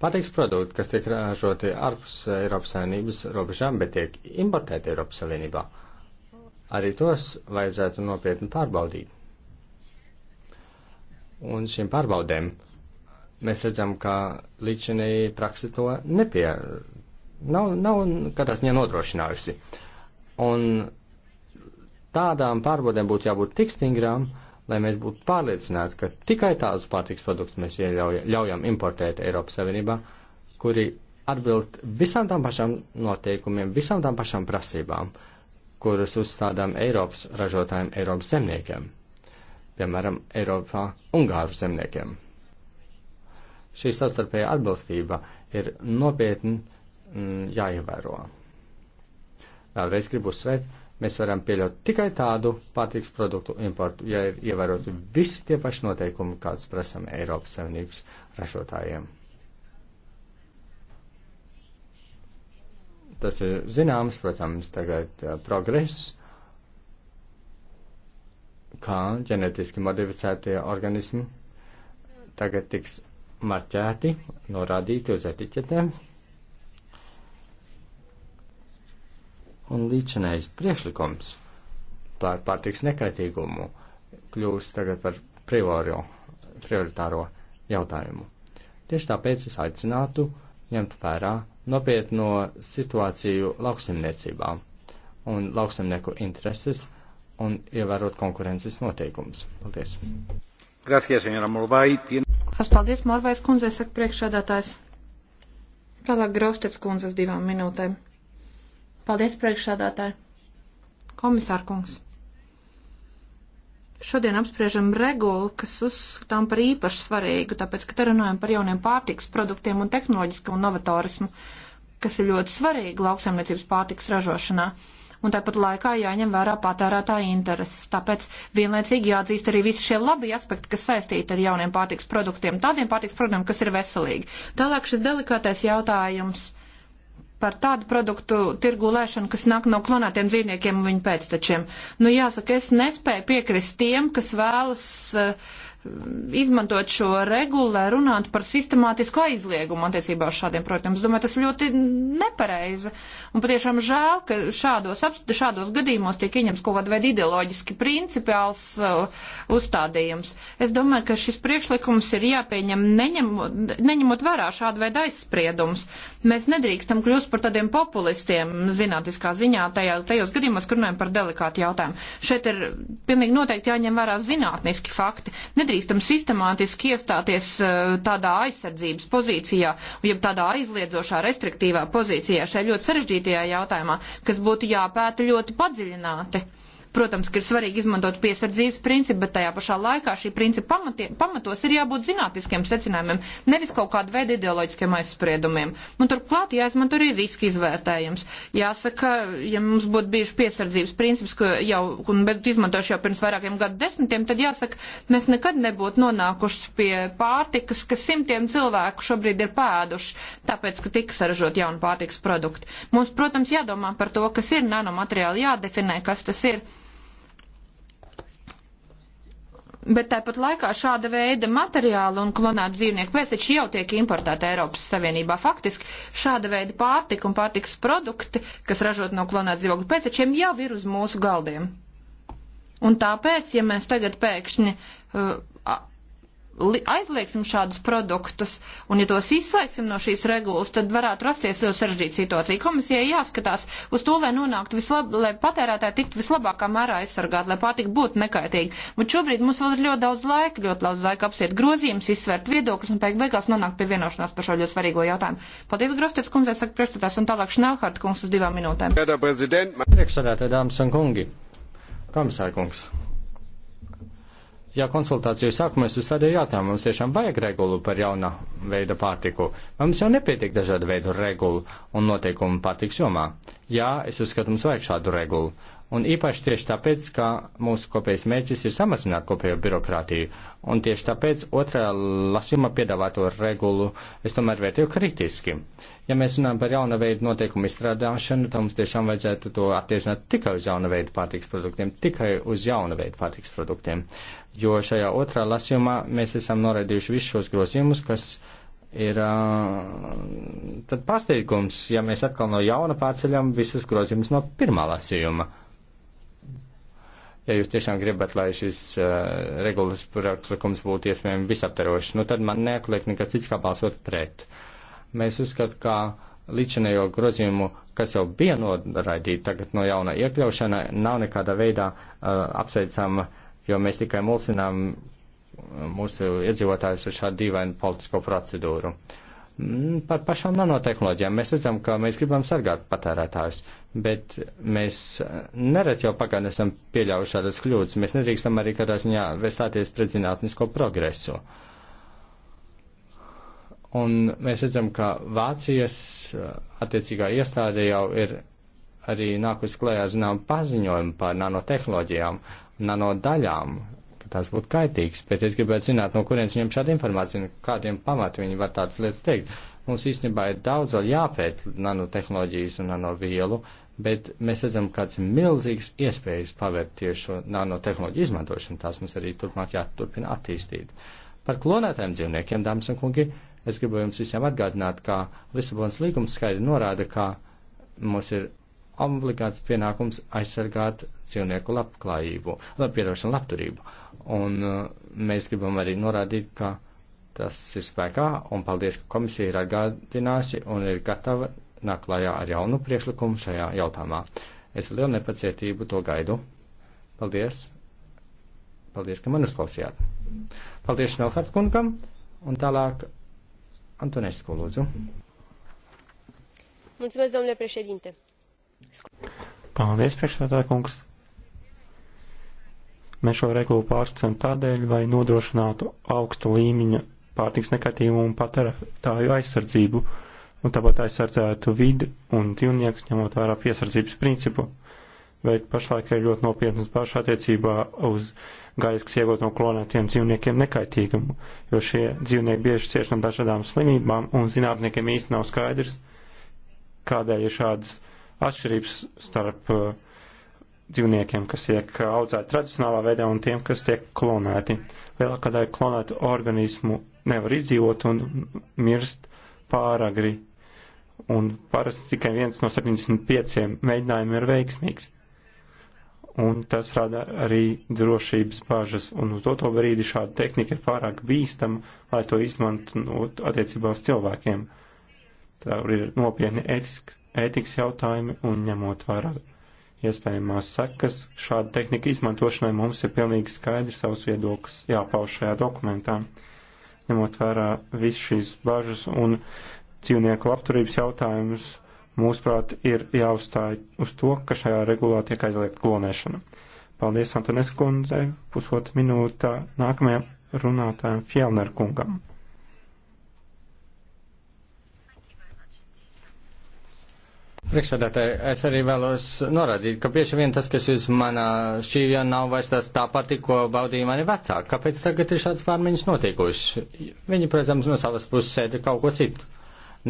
B: Pateiks produkti, kas tiek ražoti ārpus Eiropas Savienības robežām, bet tiek importēti Eiropas Savienībā. Uh, arī tos vajadzētu nopietni pārbaudīt. Un šīm pārbaudēm mēs redzam, ka līdšanai praksa to nepie, nav, nav katrā ziņā nodrošinājusi. Un tādām pārbaudēm būtu jābūt tik stingrām, lai mēs būtu pārliecināti, ka tikai tādus pārtiks produktus mēs ieļauj, ļaujam importēt Eiropas Savienībā, kuri atbilst visām tām pašām noteikumiem, visām tām pašām prasībām. Uh, kurus uzstādām Eiropas ražotājiem, Eiropas zemniekiem, piemēram, Eiropā Ungāru zemniekiem. Šī savstarpēja atbilstība ir nopietni mm, jāievēro. Vēlreiz gribu uzsvērt, mēs varam pieļaut tikai tādu pārtiks produktu importu, ja ir ievēroti visi tie paši noteikumi, kādus prasam Eiropas Savienības ražotājiem. Tas ir zināms, protams, tagad uh, progress, kā ģenetiski modificētie organismi tagad tiks marķēti, norādīti uz etiķetēm. Un līdzinējs priekšlikums par pārtiks nekaitīgumu kļūst tagad par privāro, prioritāro jautājumu. Tieši tāpēc es aicinātu ņemt vērā nopietno situāciju lauksimniecībā un lauksimnieku intereses un ievērot konkurences noteikumus. Paldies! Gracias, senora Morvai. Tien...
C: Paldies, Morvais kundze, saka priekšādātājs. Tālāk Graustec kundzes divām minūtēm. Paldies, priekšādātāji. Komisār kungs. Šodien apspriežam regulu, kas uzskatām par īpaši svarīgu, tāpēc, ka te runājam par jauniem pārtiks produktiem un tehnoloģiskam un novatorismu, kas ir ļoti svarīgi lauksaimniecības pārtiks ražošanā. Un tāpat laikā jāņem vērā patērētāja intereses. Tāpēc vienlaicīgi jāatzīst arī visi šie labi aspekti, kas saistīti ar jauniem pārtiks produktiem, tādiem pārtiks produktiem, kas ir veselīgi. Tālāk šis delikātais jautājums. Uh, par tādu produktu tirgu lēšanu, kas nāk no klonētiem dzīvniekiem un viņu pēctečiem. Nu, jāsaka, es nespēju piekrist tiem, kas vēlas uh, izmantot šo regulu, lai runātu par sistemātisku aizliegumu attiecībā uz šādiem projektiem. Es domāju, tas ļoti nepareizi. Un patiešām žēl, ka šādos, šādos gadījumos tiek ieņems kaut kāda veida ideoloģiski principiāls uh, uzstādījums. Es domāju, ka šis priekšlikums ir jāpieņem neņemot, neņemot vērā šādu veidu aizspriedumus. Mēs nedrīkstam kļūst par tādiem populistiem zinātniskā ziņā tajā, tajos gadījumos, kur runājam par delikātu jautājumu. Šeit ir pilnīgi noteikti jāņem vērā zinātniski fakti. Nedrīkstam nedrīkstam sistemātiski iestāties eh, tādā aizsardzības pozīcijā, jeb tādā aizliedzošā, restriktīvā pozīcijā šajā ļoti sarežģītajā jautājumā, kas būtu jāpēta ļoti padziļināti. Protams, ka ir svarīgi izmantot piesardzības principu, bet tajā pašā laikā šī principa pamatie, pamatos ir jābūt zinātniskiem secinājumiem, nevis kaut kādu veidu ideoloģiskiem aizspriedumiem. Un nu, turklāt jāizmanto arī riska izvērtējums. Jāsaka, ja mums būtu bijuši piesardzības princips, ko jau, un būtu izmantojuši jau pirms vairākiem gadu desmitiem, tad jāsaka, mēs nekad nebūtu nonākuši pie pārtikas, kas simtiem cilvēku šobrīd ir pēduši, tāpēc, ka tika saražot jaunu pārtikas produktu. Mums, protams, jādomā par to, kas ir nanomateriāli, jādefinē, kas tas ir. Bet tāpat laikā šāda veida materiāli un klonētu dzīvnieku pēcteči jau tiek importēta Eiropas Savienībā. Faktiski šāda veida pārtika un pārtikas produkti, kas ražot no klonētu dzīvokļu pēctečiem, jau ir uz mūsu galdiem. Un tāpēc, ja mēs tagad pēkšņi uh, aizliegsim šādus produktus, un ja tos izslēgsim no šīs regulas, tad varētu rasties ļoti sarežģīta situācija. Komisijai jāskatās uz to, lai nonāktu vislab, lai patērētāji tiktu vislabākā mērā aizsargāti, lai pārtika būtu nekaitīga. Bet šobrīd mums vēl ir ļoti daudz laika, ļoti daudz laika apsiet grozījumus, izsvērt viedokļus un pēc beigās nonākt pie vienošanās par šo ļoti svarīgo jautājumu. Paldies, Grostets kundzei, saka priekšstādās, un tālāk Šnelhārta kungs uz divām minūtēm.
B: Priekšstādātāji, dāmas un kungi, komisāra kungs ja konsultāciju sākumā es uzstādīju jautājumu, mums tiešām vajag regulu par jauna veida pārtiku. Mums jau nepietiek dažādu veidu regulu un noteikumu pārtiks jomā. Jā, es uzskatu, mums vajag šādu regulu. Un īpaši tieši tāpēc, ka mūsu kopējais mērķis ir samazināt kopējo birokrātiju. Un tieši tāpēc otrā lasījuma piedāvāto regulu es tomēr vērtēju kritiski. Ja mēs runājam par jauna veida noteikumu izstrādāšanu, tad mums tiešām vajadzētu to attiecināt tikai uz jauna veida pārtiks produktiem, tikai uz jauna veida pārtiks produktiem. Jo šajā otrā lasījumā mēs esam noraidījuši visus šos grozījumus, kas ir tad pārsteigums, ja mēs atkal no jauna pārceļam visus grozījumus no pirmā lasījuma. Ja jūs tiešām gribat, lai šis uh, regulas priekšlikums būtu iespējami visaptarošs, nu tad man neatliek nekas cits kā balsot pret. Uh, Mēs uzskatām, ka līdzinējo grozījumu, kas jau bija noraidīti tagad no jauna iekļaušana, nav nekādā veidā uh, apsveicama, jo mēs tikai mulsinām uh, mūsu iedzīvotājus ar šādu dīvainu politisko procedūru. Mm, par pašām nanotehnoloģijām mēs redzam, ka mēs gribam sargāt patērētājus, bet mēs uh, neret jau pagātnē esam pieļaujuši šādas kļūdas. Mēs nedrīkstam arī kādā ziņā vēstāties pret zinātnisko progresu. Uh, Un mēs redzam, ka Vācijas eh, attiecīgā iestāde jau ir arī nākus klējā zinām paziņojumu par nanotehnoloģijām, nanodaļām, ka tās būtu kaitīgas, bet es gribētu zināt, no kurienes viņam šāda informācija un kādiem pamatu viņi var tādas lietas teikt. Mums īstenībā ir daudz vēl jāpēt nanotehnoloģijas un nanovielu, bet mēs redzam, kāds milzīgs iespējas pavērt tieši šo nanotehnoloģiju izmantošanu, tās mums arī turpmāk jāturpina attīstīt. Par klonētājiem dzīvniekiem, dāmas un kungi, uh, Es gribu jums visiem atgādināt, ka Lisabonas līgums skaidri norāda, ka mums ir obligāts pienākums aizsargāt dzīvnieku labklājību, labpiedošanu labturību. Un uh, mēs gribam arī norādīt, ka tas ir spēkā, un paldies, ka komisija ir atgādinājusi un ir gatava nāk klājā ar jaunu priekšlikumu šajā jautājumā. Es ar lielu nepacietību to gaidu. Paldies! Paldies, ka man uzklausījāt! Paldies Šnelhart kungam! Un tālāk Antonescu, lūdzu.
A: Mulțumesc, domnule președinte. Paldies, priekšsēdētāj kungs. Mēs šo regulu pārstāvam tādēļ, lai nodrošinātu augstu līmeņa pārtiks nekatīvumu un patērētāju aizsardzību, un tāpat aizsardzētu vidi un dzīvnieks, ņemot vērā piesardzības principu bet pašlaik ir ļoti nopietnas bažas attiecībā uz gaļas, kas iegūt no klonētiem dzīvniekiem nekaitīgumu, jo šie dzīvnieki bieži cieš no dažādām slimībām, un zinātniekiem īsti nav skaidrs, kādēļ ir šādas atšķirības starp uh, dzīvniekiem, kas tiek audzēti tradicionālā veidā un tiem, kas tiek klonēti. Lielākā daļa klonētu organismu nevar izdzīvot un mirst pāragri, un parasti tikai viens no 75 mēģinājumiem ir veiksmīgs un tas rada arī drošības bažas, un uz doto brīdi šāda tehnika ir pārāk bīstama, lai to izmantot attiecībā uz cilvēkiem. Tā ir nopietni ētiski, ētikas jautājumi, un ņemot vērā iespējamās sekas, šāda tehnika izmantošanai mums ir pilnīgi skaidri savs viedoklis jāpauž šajā dokumentā. Ņemot vērā visu šīs bažas un dzīvnieku labturības jautājumus, Mūsuprāt, ir jāuzstāj uz to, ka šajā regulā tiek aizliegt klonēšana. Paldies, Antones kundze, pusotra minūte nākamajam runātājam Fjellner kungam.
B: Priekšsēdētāji, es arī vēlos norādīt, ka bieži vien tas, kas uz manā šķīvjā nav vairs tas tā pati, ko baudīja mani vecāki. Kāpēc tagad ir šāds pārmaiņas notikuši? Viņi, protams, no savas puses sēda kaut ko citu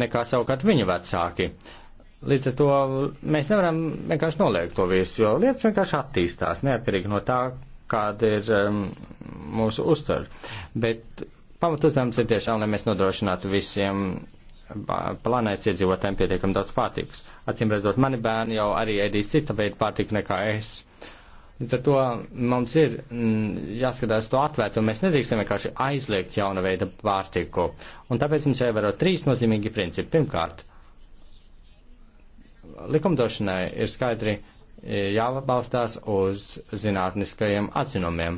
B: nekā savukārt viņa vecāki. Līdz ar to mēs nevaram vienkārši noliegt to visu, jo lietas vienkārši attīstās, neatkarīgi no tā, kāda ir um, mūsu uztvere. Bet pamat uzdevums ir tiešām, lai mēs nodrošinātu visiem planētas iedzīvotājiem pietiekam daudz pārtikas. Acīm redzot, mani bērni jau arī ēdīs cita veida pārtiku nekā es. Līdz ar to mums ir mm, jāskatās to atvērt, un mēs nedrīkstam vienkārši aizliegt jauna veida pārtiku. Un tāpēc mums jāievēro trīs nozīmīgi principi. Pirmkārt, likumdošanai ir skaidri e, jābalstās uz zinātniskajiem atzinumiem,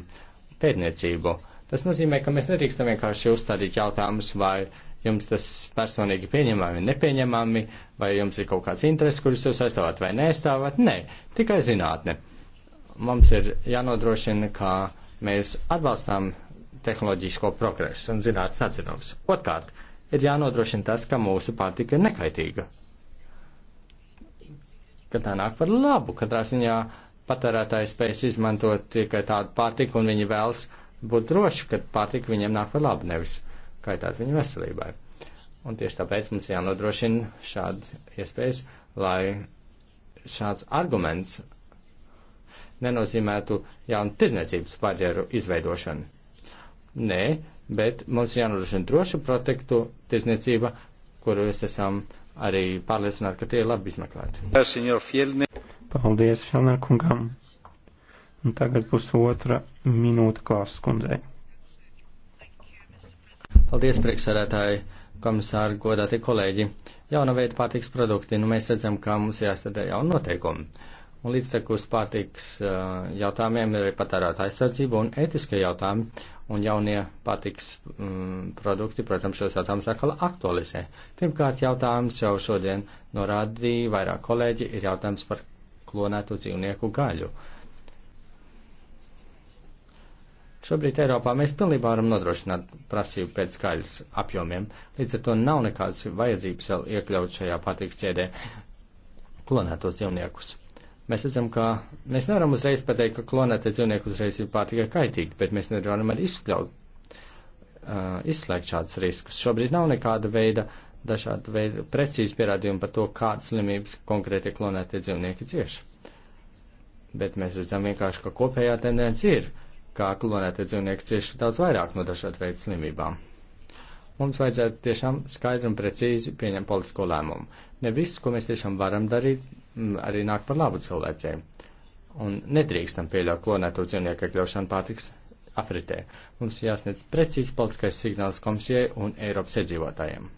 B: pētniecību. Tas nozīmē, ka mēs nedrīkstam vienkārši uzstādīt jautājumus, vai jums tas personīgi pieņemami, nepieņemami, vai jums ir kaut kāds interesi, kurus jūs aizstāvat vai neaizstāvat. Nē, tikai zinātne. Mums ir jānodrošina, ka mēs atbalstām tehnoloģisko progresu un zinātnes atzinums. Otkārt, ir jānodrošina tas, ka mūsu pārtika ir nekaitīga ka tā nāk par labu. Katrā ziņā patērētāji spējas izmantot tikai tādu pārtiku, un viņi vēlas būt droši, ka pārtika viņiem nāk par labu, nevis kaitāt viņu veselībai. Un tieši tāpēc mums jānodrošina šādas iespējas, lai šāds arguments nenozīmētu jaunu tirzniecības barjeru izveidošanu. Nē, bet mums jānodrošina drošu protektu tirzniecība, kuru es esam uh, arī pārliecināt, ka tie ir labi izmeklēti.
A: Paldies, Fjellner kungam. Un tagad būs otra minūte klāsts kundzei.
B: Paldies, priekšsēdētāji, komisāri, godāti kolēģi. Jauna veida pārtiks produkti, nu mēs redzam, ka mums jāstādē jauna noteikumi. Un līdz tekus pārtiks jautājumiem ir patērēta aizsardzība un ētiskie jautājumi un jaunie pārtiks mm, produkti, protams, šos jautājumus atkal aktualizē. Pirmkārt, jautājums jau šodien norādīja vairāk kolēģi, ir jautājums par klonēto dzīvnieku gaļu. Šobrīd Eiropā mēs pilnībā varam nodrošināt prasību pēc gaļas apjomiem, līdz ar to nav nekādas vajadzības vēl iekļaut šajā pārtiks ķēdē klonētos dzīvniekus. Mēs redzam, ka mēs nevaram uzreiz pateikt, ka klonētie dzīvnieki uzreiz ir pārtika kaitīgi, bet mēs nevaram arī izskļaut, uh, izslēgt šādus riskus. Šobrīd nav nekāda veida, dažāda veida precīzi pierādījumi par to, kādas slimības konkrēti klonētie dzīvnieki cieši. Bet mēs redzam vienkārši, ka kopējā tendence ir, kā klonētie dzīvnieki cieši daudz vairāk no dažādu veidu slimībām. Mums vajadzētu tiešām skaidri un precīzi pieņemt politisko lēmumu. Ne viss, ko mēs tiešām varam darīt, arī nāk par labu cilvēcēm. Un nedrīkstam pieļaut klonēto dzīvnieku iekļaušanu pārtiks apritē. Mums jāsniedz precīzi politiskais signāls komisijai un Eiropas iedzīvotājiem.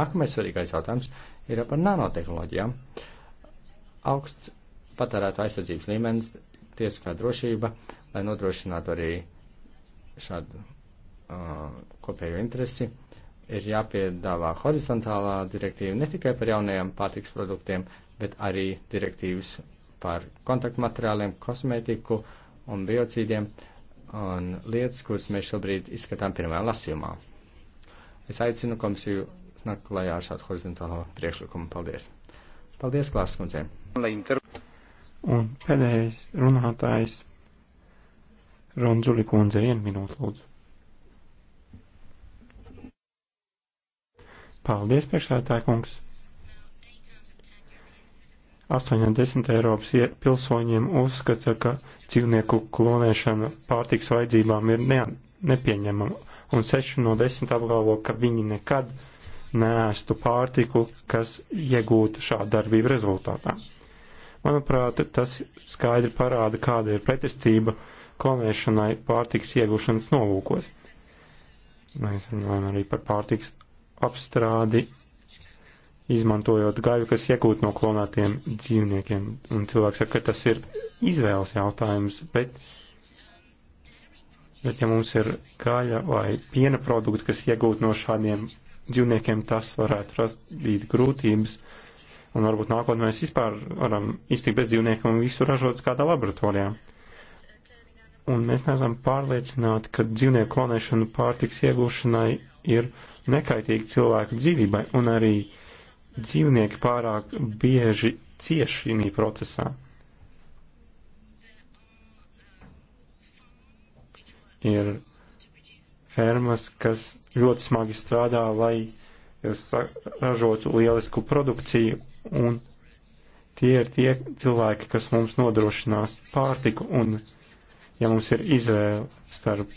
B: Nākamais svarīgais jautājums ir par nanotehnoloģijām. Augsts patērētu aizsardzības līmenis, tiesiskā drošība, lai nodrošinātu arī šādu kopējo interesi, ir jāpiedāvā horizontālā direktīva ne tikai par jaunajiem pārtiks produktiem, bet arī direktīvas par kontaktmateriāliem, kosmētiku un biocīdiem un lietas, kuras mēs šobrīd izskatām pirmajā lasījumā. Es aicinu komisiju nākt klajā ar šādu horizontālo priekšlikumu. Paldies! Paldies, klāsas kundzei!
A: Un pēdējais runātājs Ronzuli kundze, vienu minūtu lūdzu. Paldies, priekšsēdētāji kungs! 80 Eiropas pilsoņiem uzskata, ka dzīvnieku klonēšana pārtiks vajadzībām ir ne, nepieņemama, un 6 no 10 apgalvo, ka viņi nekad nēstu pārtiku, kas iegūta šāda darbība rezultātā. Manuprāt, tas skaidri parāda, kāda ir pretestība klonēšanai pārtiks iegūšanas nolūkos. Mēs runājam arī par pārtiks apstrādi, izmantojot gaļu, kas iegūt no klonētiem dzīvniekiem. Un cilvēks saka, ka tas ir izvēles jautājums, bet, bet ja mums ir gaļa vai piena produkti, kas iegūt no šādiem dzīvniekiem, tas varētu radīt grūtības. Un varbūt nākotnē mēs vispār varam iztikt bez dzīvniekiem un visu ražot kādā laboratorijā un mēs neesam pārliecināti, ka dzīvnieku klonēšana pārtiks iegūšanai ir nekaitīga cilvēku dzīvībai, un arī dzīvnieki pārāk bieži cieš šī procesā. Ir fermas, kas ļoti smagi strādā, lai ražotu lielisku produkciju, un tie ir tie cilvēki, kas mums nodrošinās pārtiku un pārtiku Ja mums ir izvēle starp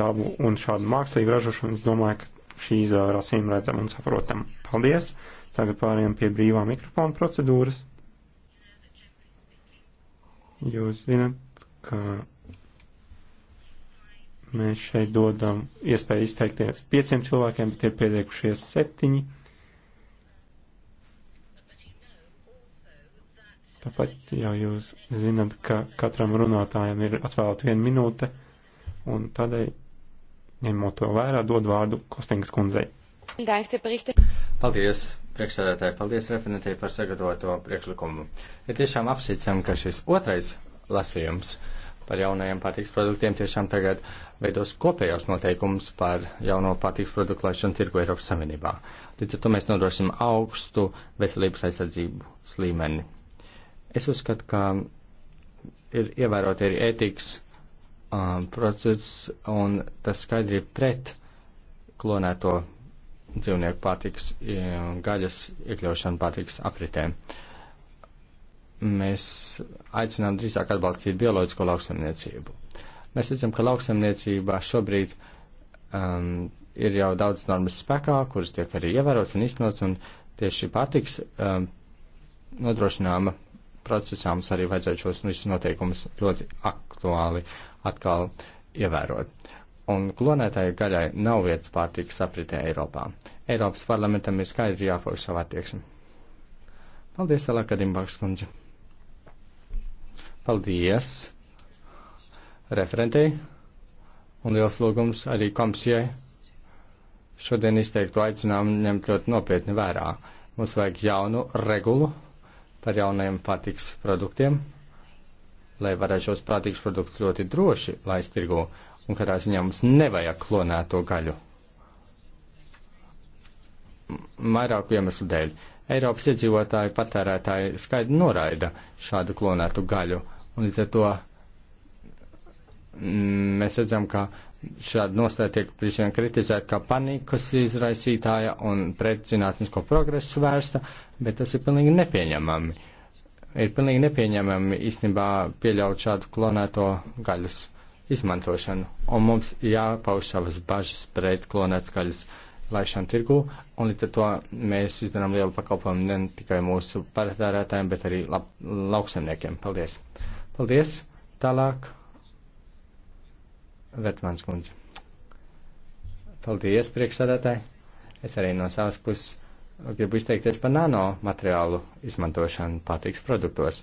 A: dabu un šādu mākslīgu ražošanu, es domāju, ka šī izvēle ir acīm redzama un saprotama. Paldies! Tagad pārējām pie brīvā mikrofona procedūras. Jūs zinat, ka mēs šeit dodam iespēju izteikties pieciem cilvēkiem, bet ir pieteikušies septiņi. Tāpat jau jūs zinat, ka katram runātājam ir atvēlēta viena minūte, un tādēļ, ņemot to vērā, dod vārdu Kostingas kundzei.
C: Paldies,
B: priekšsēdētāji, paldies referentei par sagatavoto priekšlikumu. Ir ja tiešām apsveicam, ka šis otrais lasījums par jaunajiem pārtiks produktiem tiešām tagad veidos kopējos noteikumus par jauno pārtiks produktu laišanu tirgu Eiropas Savienībā. Līdz ar to mēs nodrošinām augstu veselības aizsardzības līmeni Es uzskatu, ka ir ievērot arī ētikas um, process, un tas skaidri ir pret klonēto dzīvnieku pārtikas um, gaļas iekļaušanu pārtikas apritēm. Mēs aicinām drīzāk atbalstīt bioloģisko lauksamniecību. Mēs redzam, ka lauksamniecībā šobrīd um, ir jau daudz normas spēkā, kuras tiek arī ievērots un iznots, un tieši pārtiks um, nodrošināma procesā mums arī vajadzētu šos visus noteikumus ļoti aktuāli atkal ievērot. Un klonētāju gaļai nav vietas pārtikas apritē Eiropā. Eiropas parlamentam ir skaidri jāpauž savā attieksme. Paldies, Alaka Dimbaks kundze. Paldies referentei un liels lūgums arī komisijai šodien izteiktu aicinājumu ņemt ļoti nopietni vērā. Mums vajag jaunu regulu par jaunajiem pārtiks produktiem, lai varētu šos pārtiks produktus ļoti droši laist tirgu, un katrā ziņā mums nevajag klonēto gaļu. Vairāku iemeslu dēļ. Eiropas iedzīvotāji patērētāji skaidri noraida šādu klonētu gaļu, un līdz ar to mēs redzam, ka šāda nostāja tiek vien kritizēta kā panikas izraisītāja un pret zinātnisko progresu vērsta, bet tas ir pilnīgi nepieņemami. Ir pilnīgi nepieņemami īstenībā pieļaut šādu klonēto gaļas izmantošanu, un mums jāpauž savas bažas pret klonētas gaļas laišanu tirgu, un līdz ar to mēs izdarām lielu pakalpojumu ne tikai mūsu paratērētājiem, bet arī lauksemniekiem. Paldies! Paldies! Tālāk! Vertmans kundze. Paldies, priekšsādātāji. Es arī no savas puses gribu izteikties par nanomateriālu izmantošanu pārtiks produktos,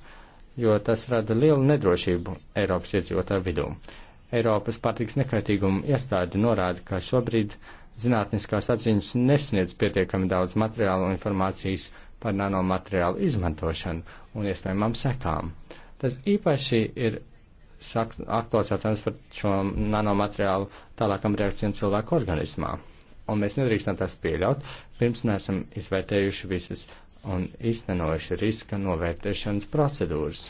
B: jo tas rada lielu nedrošību Eiropas iedzīvotāju vidū. Eiropas pārtiks nekaitīguma iestāde norāda, ka šobrīd zinātniskās atziņas nesniedz pietiekami daudz materiālu un informācijas par nanomateriālu izmantošanu un iespējamām sekām. Tas īpaši ir aktuāls jautājums par šo nanomateriālu tālākam reakcijam cilvēku organismā. Un mēs nedrīkstam tās pieļaut, pirms neesam izvērtējuši visas un iztenojuši riska novērtēšanas procedūras.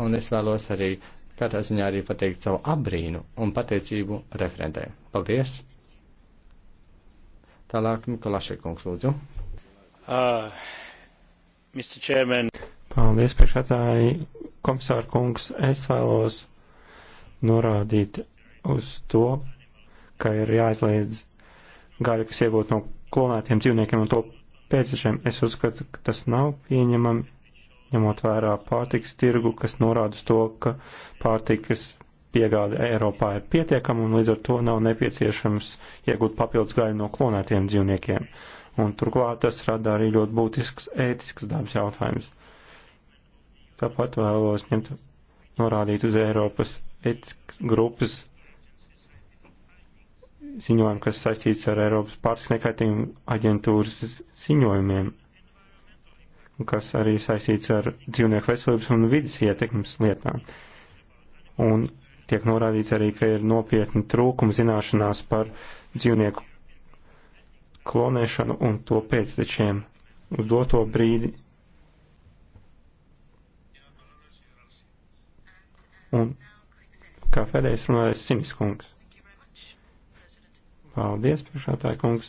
B: Un es vēlos arī katrā ziņā arī pateikt savu abrīnu un pateicību referentē. Paldies! Tālāk Mikolašek kungs lūdzu.
A: Uh, Mr. Chairman. Paldies, priekšētāji Komisāra kungs, es vēlos norādīt uz to, ka ir jāizliedz gaļa, kas iegūta no klonētiem dzīvniekiem un to pēcešiem. Es uzskatu, ka tas nav pieņemami, ņemot vērā pārtikas tirgu, kas norāda uz to, ka pārtikas piegāde Eiropā ir pietiekama un līdz ar to nav nepieciešams iegūt papildus gaļu no klonētiem dzīvniekiem. Un turklāt tas rada arī ļoti būtisks ētisks dabas jautājums. Tāpat vēlos ņemt norādīt uz Eiropas etikas grupas ziņojumu, kas saistīts ar Eiropas pārtiks nekaitīgumu aģentūras ziņojumiem, kas arī saistīts ar dzīvnieku veselības un vidas ietekmes lietām. Un tiek norādīts arī, ka ir nopietni trūkumi zināšanās par dzīvnieku klonēšanu un to pēctečiem. Uz doto brīdi Un kā pēdējais runājas Simis kungs. Paldies, priekšētāji kungs.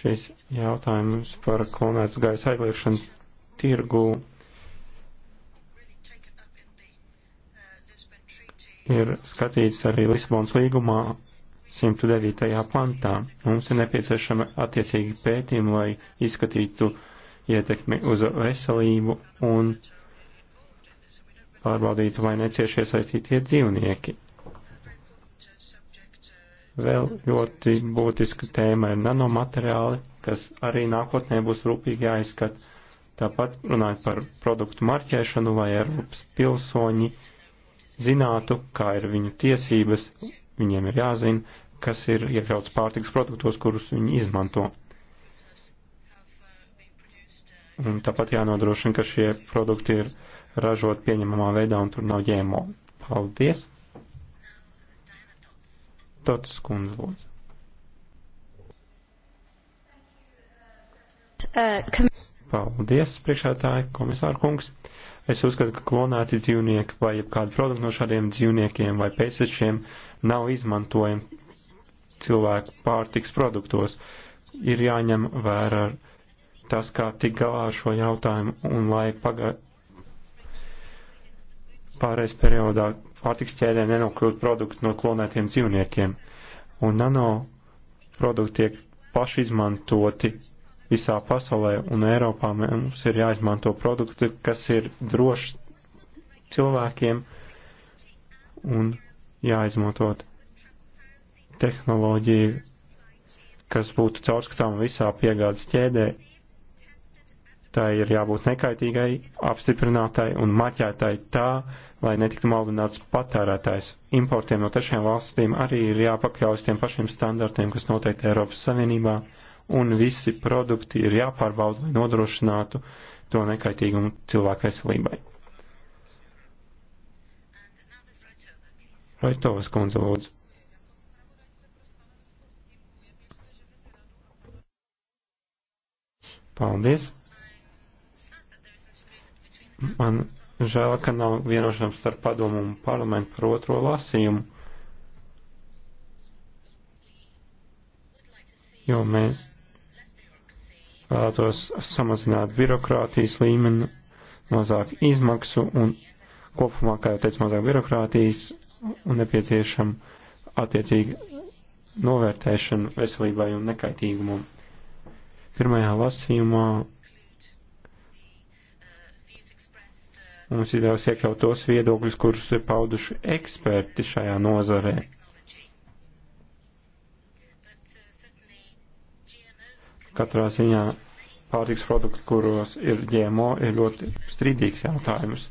A: Šis jautājums par klonētas gaisa aizliekšanu tirgu ir skatīts arī Lisabonas līgumā 109. pantā. Mums ir nepieciešama attiecīgi pētījumi, lai izskatītu ietekmi uz veselību un veselību pārbaudītu, vai necieši iesaistītie dzīvnieki. Vēl ļoti būtiska tēma ir nanomateriāli, kas arī nākotnē būs rūpīgi jāizskata. Tāpat runājot par produktu marķēšanu, lai Eiropas pilsoņi zinātu, kā ir viņu tiesības, viņiem ir jāzina, kas ir iekļauts pārtiks produktos, kurus viņi izmanto. Un tāpat jānodrošina, ka šie produkti ir uh, ražot pieņemamā veidā un tur nav ģēmo. Paldies! Tots kundze lūdzu. Paldies, priekšētāji, komisāra kungs. Es uzskatu, ka klonēti dzīvnieki vai kādu produktu no šādiem dzīvniekiem vai pēctečiem nav izmantojami cilvēku pārtiks produktos. Ir jāņem vērā tas, kā tik galā ar šo jautājumu un lai pagaidu pārējais periodā pārtiks ķēdē nenokļūt produktu no klonētiem dzīvniekiem, un nano produkti tiek paši izmantoti visā pasaulē, un Eiropā mums ir jāizmanto produkti, kas ir droši cilvēkiem, un jāizmanto tehnoloģiju, kas būtu caurskatām visā piegādes ķēdē. Tā ir jābūt nekaitīgai, apstiprinātai un maķētai tā, lai netiktu maldināts patērētājs. Importiem no trešajām valstīm arī ir jāpakļaujas tiem pašiem standartiem, kas noteikti Eiropas Savienībā, un visi produkti ir jāpārbauda, lai nodrošinātu to nekaitīgumu cilvēku veselībai. Raitovas kundze lūdzu. Paldies. Man Žēl, ka nav vienošanās starp padomu un parlamentu par otro lasījumu, jo mēs vēlētos samazināt birokrātijas līmeni, mazāk izmaksu un kopumā, kā jau teicu, mazāk birokrātijas un nepieciešam attiecīgi novērtēšanu veselībai un nekaitīgumam. Pirmajā lasījumā Mums izdevās iekļaut tos viedokļus, kurus ir pauduši eksperti šajā nozarē. Katrā ziņā pārtiks produktu, kuros ir GMO, ir ļoti strīdīgs jautājums.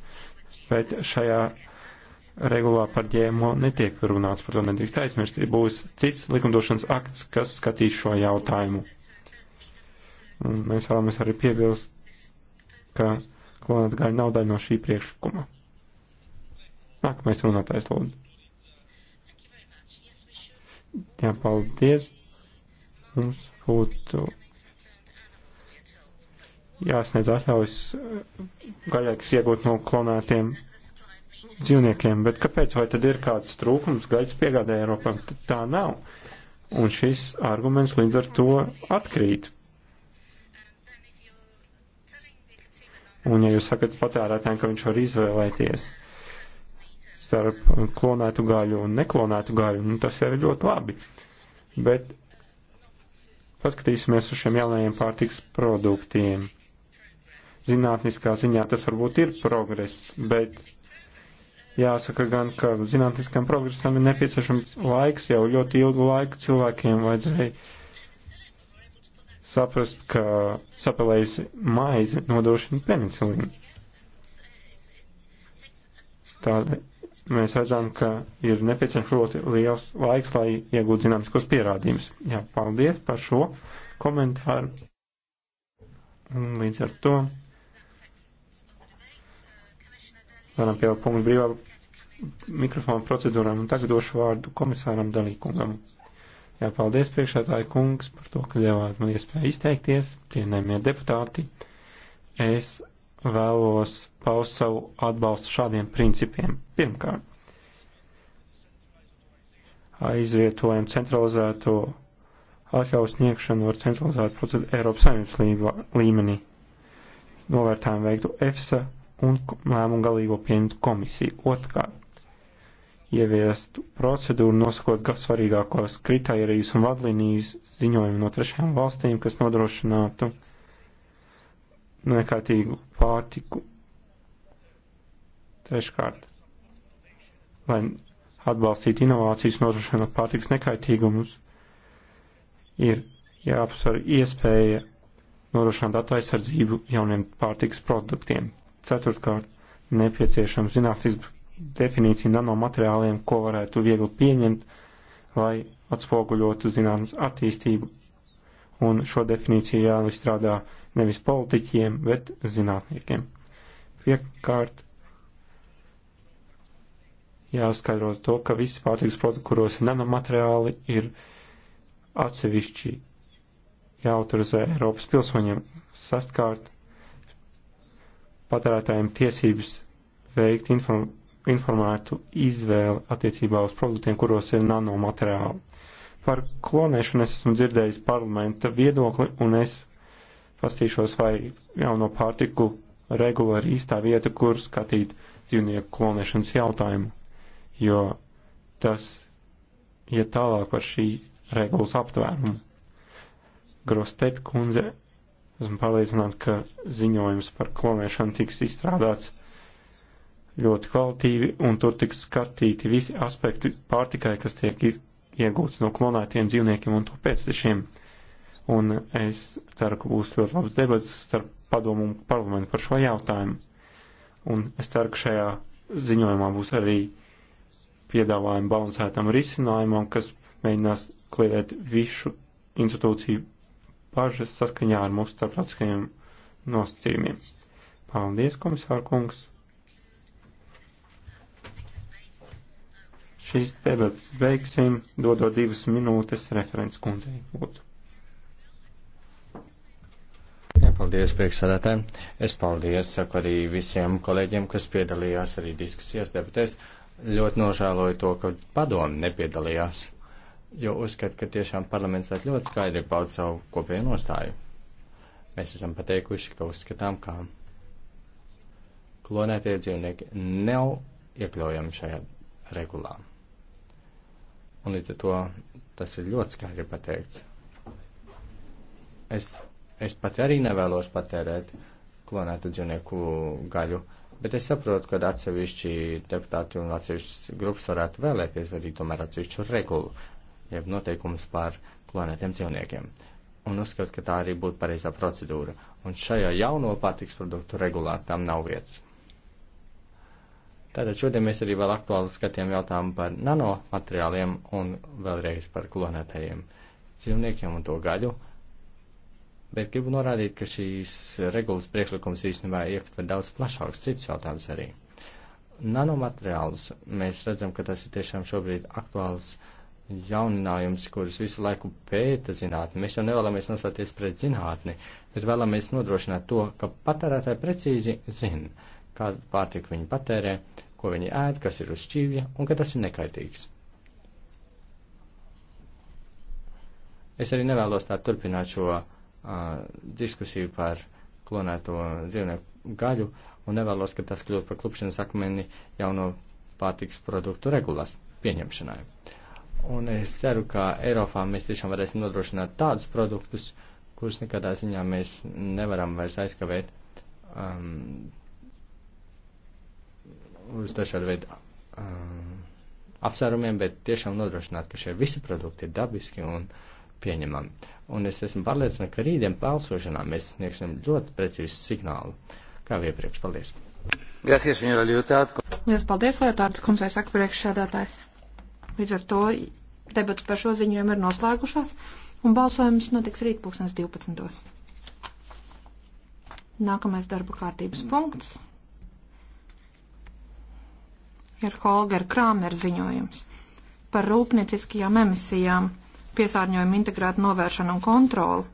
A: Bet šajā regulā par ģēmo netiek runāts, par to nedrīkst aizmirst. Būs cits likumdošanas akts, kas skatīs šo jautājumu. Un mēs vēlamies arī piebilst, ka klonētgāju naudai no šī priekšlikuma. Nākamais runātājs lūdzu. Jā, paldies. Mums būtu jāsniedz atļaujas uh, gaļēks iegūt no klonētiem dzīvniekiem, bet kāpēc vai tad ir kāds trūkums gaļas piegādē Eiropā? Tā nav. Un šis arguments līdz ar to atkrīt. Un ja jūs sakat patērētājiem, ka viņš var izvēlēties starp klonētu gaļu un neklonētu gaļu, nu, tas jau ir ļoti labi. Bet paskatīsimies uz šiem jaunajiem pārtiks produktiem. Zinātniskā ziņā tas varbūt ir progress, bet jāsaka gan, ka zinātniskam progresam ir nepieciešams laiks, jau ļoti ilgu laiku cilvēkiem vajadzēja saprast, ka sapelējas maize nodošana penicilīnu. Tāda mēs redzam, ka ir nepieciešams ļoti liels laiks, lai iegūtu zinātniskos pierādījumus. Jā, paldies par šo komentāru. Un līdz ar to varam pie punktu brīvā mikrofona procedūrām un tagad došu vārdu komisāram Dalīkungam. Jā, paldies priekšētāji kungs par to, ka ļāvāt man iespēju izteikties, cienējamie deputāti. Es vēlos paust savu atbalstu šādiem principiem. Pirmkārt, aizvietojam centralizēto atļaus sniegšanu ar centralizētu procedūru Eiropas saimnības līmenī. Novērtējumu veiktu EFSA un lēmumu galīgo pieņemtu komisiju. Otrkārt, ieviest procedūru, nosakot gan svarīgākos kritērijus un vadlīnijas ziņojumu no trešajām valstīm, kas nodrošinātu nekārtīgu pārtiku. Treškārt, lai atbalstītu inovācijas, nodrošinot pārtiks nekaitīgumus, ir jāapsver iespēja nodrošināt datu aizsardzību jauniem pārtiks produktiem. Ceturtkārt, nepieciešams zinātnisks definīciju nanomateriāliem, ko varētu viegli pieņemt, lai atspoguļotu zinātnes attīstību. Un šo definīciju jāizstrādā nevis politiķiem, bet zinātniekiem. Piekārt, jāskaidro to, ka visi pārtiks produkti, kuros ir nanomateriāli, ir atsevišķi jāautorizē Eiropas pilsoņiem. Sastkārt, patērētājiem tiesības veikt inform informētu izvēli attiecībā uz produktiem, kuros ir nanomateriāli. Par klonēšanu es esmu dzirdējis parlamenta viedokli, un es pastīšos, vai jauno pārtiku regula ir īstā vieta, kur skatīt dzīvnieku klonēšanas jautājumu, jo tas iet tālāk par šī regulas aptvērumu. Grostet kundze, esmu pārliecināta, ka ziņojums par klonēšanu tiks izstrādāts ļoti kvalitīvi, un tur tiks skatīti visi aspekti pārtikai, kas tiek iegūts no klonētiem dzīvniekiem un to pēctešiem. Un es ceru, ka būs ļoti labs debats starp padomu un parlamentu par šo jautājumu. Un es ceru, ka šajā ziņojumā būs arī piedāvājumi balansētam risinājumam, kas mēģinās kliedēt visu institūciju pažas saskaņā ar mūsu starptautiskajiem nosacījumiem. Paldies, komisārkungs! Šīs debatas beigsim, dodot divas minūtes referents kundzei. Būtu.
B: Jā, paldies priekšsādātājiem. Es paldies saku arī visiem kolēģiem, kas piedalījās arī diskusijās debatēs. Ļoti nožēloju to, ka padomi nepiedalījās, jo uzskat, ka tiešām parlaments ļoti skaidri paud savu kopēju nostāju. Mēs esam pateikuši, ka uzskatām, ka klonētie dzīvnieki nav iekļaujami šajā regulā. Un līdz ar to tas ir ļoti skaidri pateikts. Es, es pat arī nevēlos patērēt klonētu dzīvnieku gaļu, bet es saprotu, ka atsevišķi deputāti un atsevišķas grupas varētu vēlēties arī tomēr atsevišķu regulu, jeb noteikumus par klonētiem dzīvniekiem. Un uzskatu, ka tā arī būtu pareizā procedūra. Un šajā jauno pārtiks produktu regulā tam nav vietas. Tātad šodien mēs arī vēl aktuāli skatījām jautājumu par nanomateriāliem un vēlreiz par klonētajiem dzīvniekiem un to gaļu. Bet gribu norādīt, ka šīs regulas priekšlikums īstenībā ietver daudz plašāks cits jautājums arī. Nanomateriālus mēs redzam, ka tas ir tiešām šobrīd aktuāls jauninājums, kurus visu laiku pēta zinātni. Mēs jau nevēlamies nostāties pret zinātni, bet vēlamies nodrošināt to, ka patērētāji precīzi zina kādu pārtiku viņi patērē, ko viņi ēd, kas ir uz šķīvja un ka tas ir nekaitīgs. Es arī nevēlos tā turpināt šo uh, diskusiju par klonēto dzīvnieku gaļu un nevēlos, ka tas kļūtu par klupšanas akmeni jauno pārtiks produktu regulas pieņemšanai. Un es ceru, ka Eiropā mēs tiešām varēsim nodrošināt tādus produktus, kurus nekādā ziņā mēs nevaram vairs aizkavēt um, uz dažādu veidu um, apsvērumiem, bet tiešām nodrošināt, ka šie visi produkti ir dabiski un pieņemami. Un es esmu pārliecināta, ka rītdien balsošanā mēs sniegsim ļoti precīzu signālu, kā jau iepriekš. Paldies! Gracias, senora Liotārds.
C: Lielas paldies, Liotārds, kundzei saka priekšsēdētājs. Līdz ar to debats par šo ziņojumu ir noslēgušās, un balsojums notiks rīt pulkstens 12. Nākamais darba kārtības punkts ir Holger Krāmer ziņojums par rūpnieciskajām emisijām, piesārņojumu integrētu novēršanu un kontroli.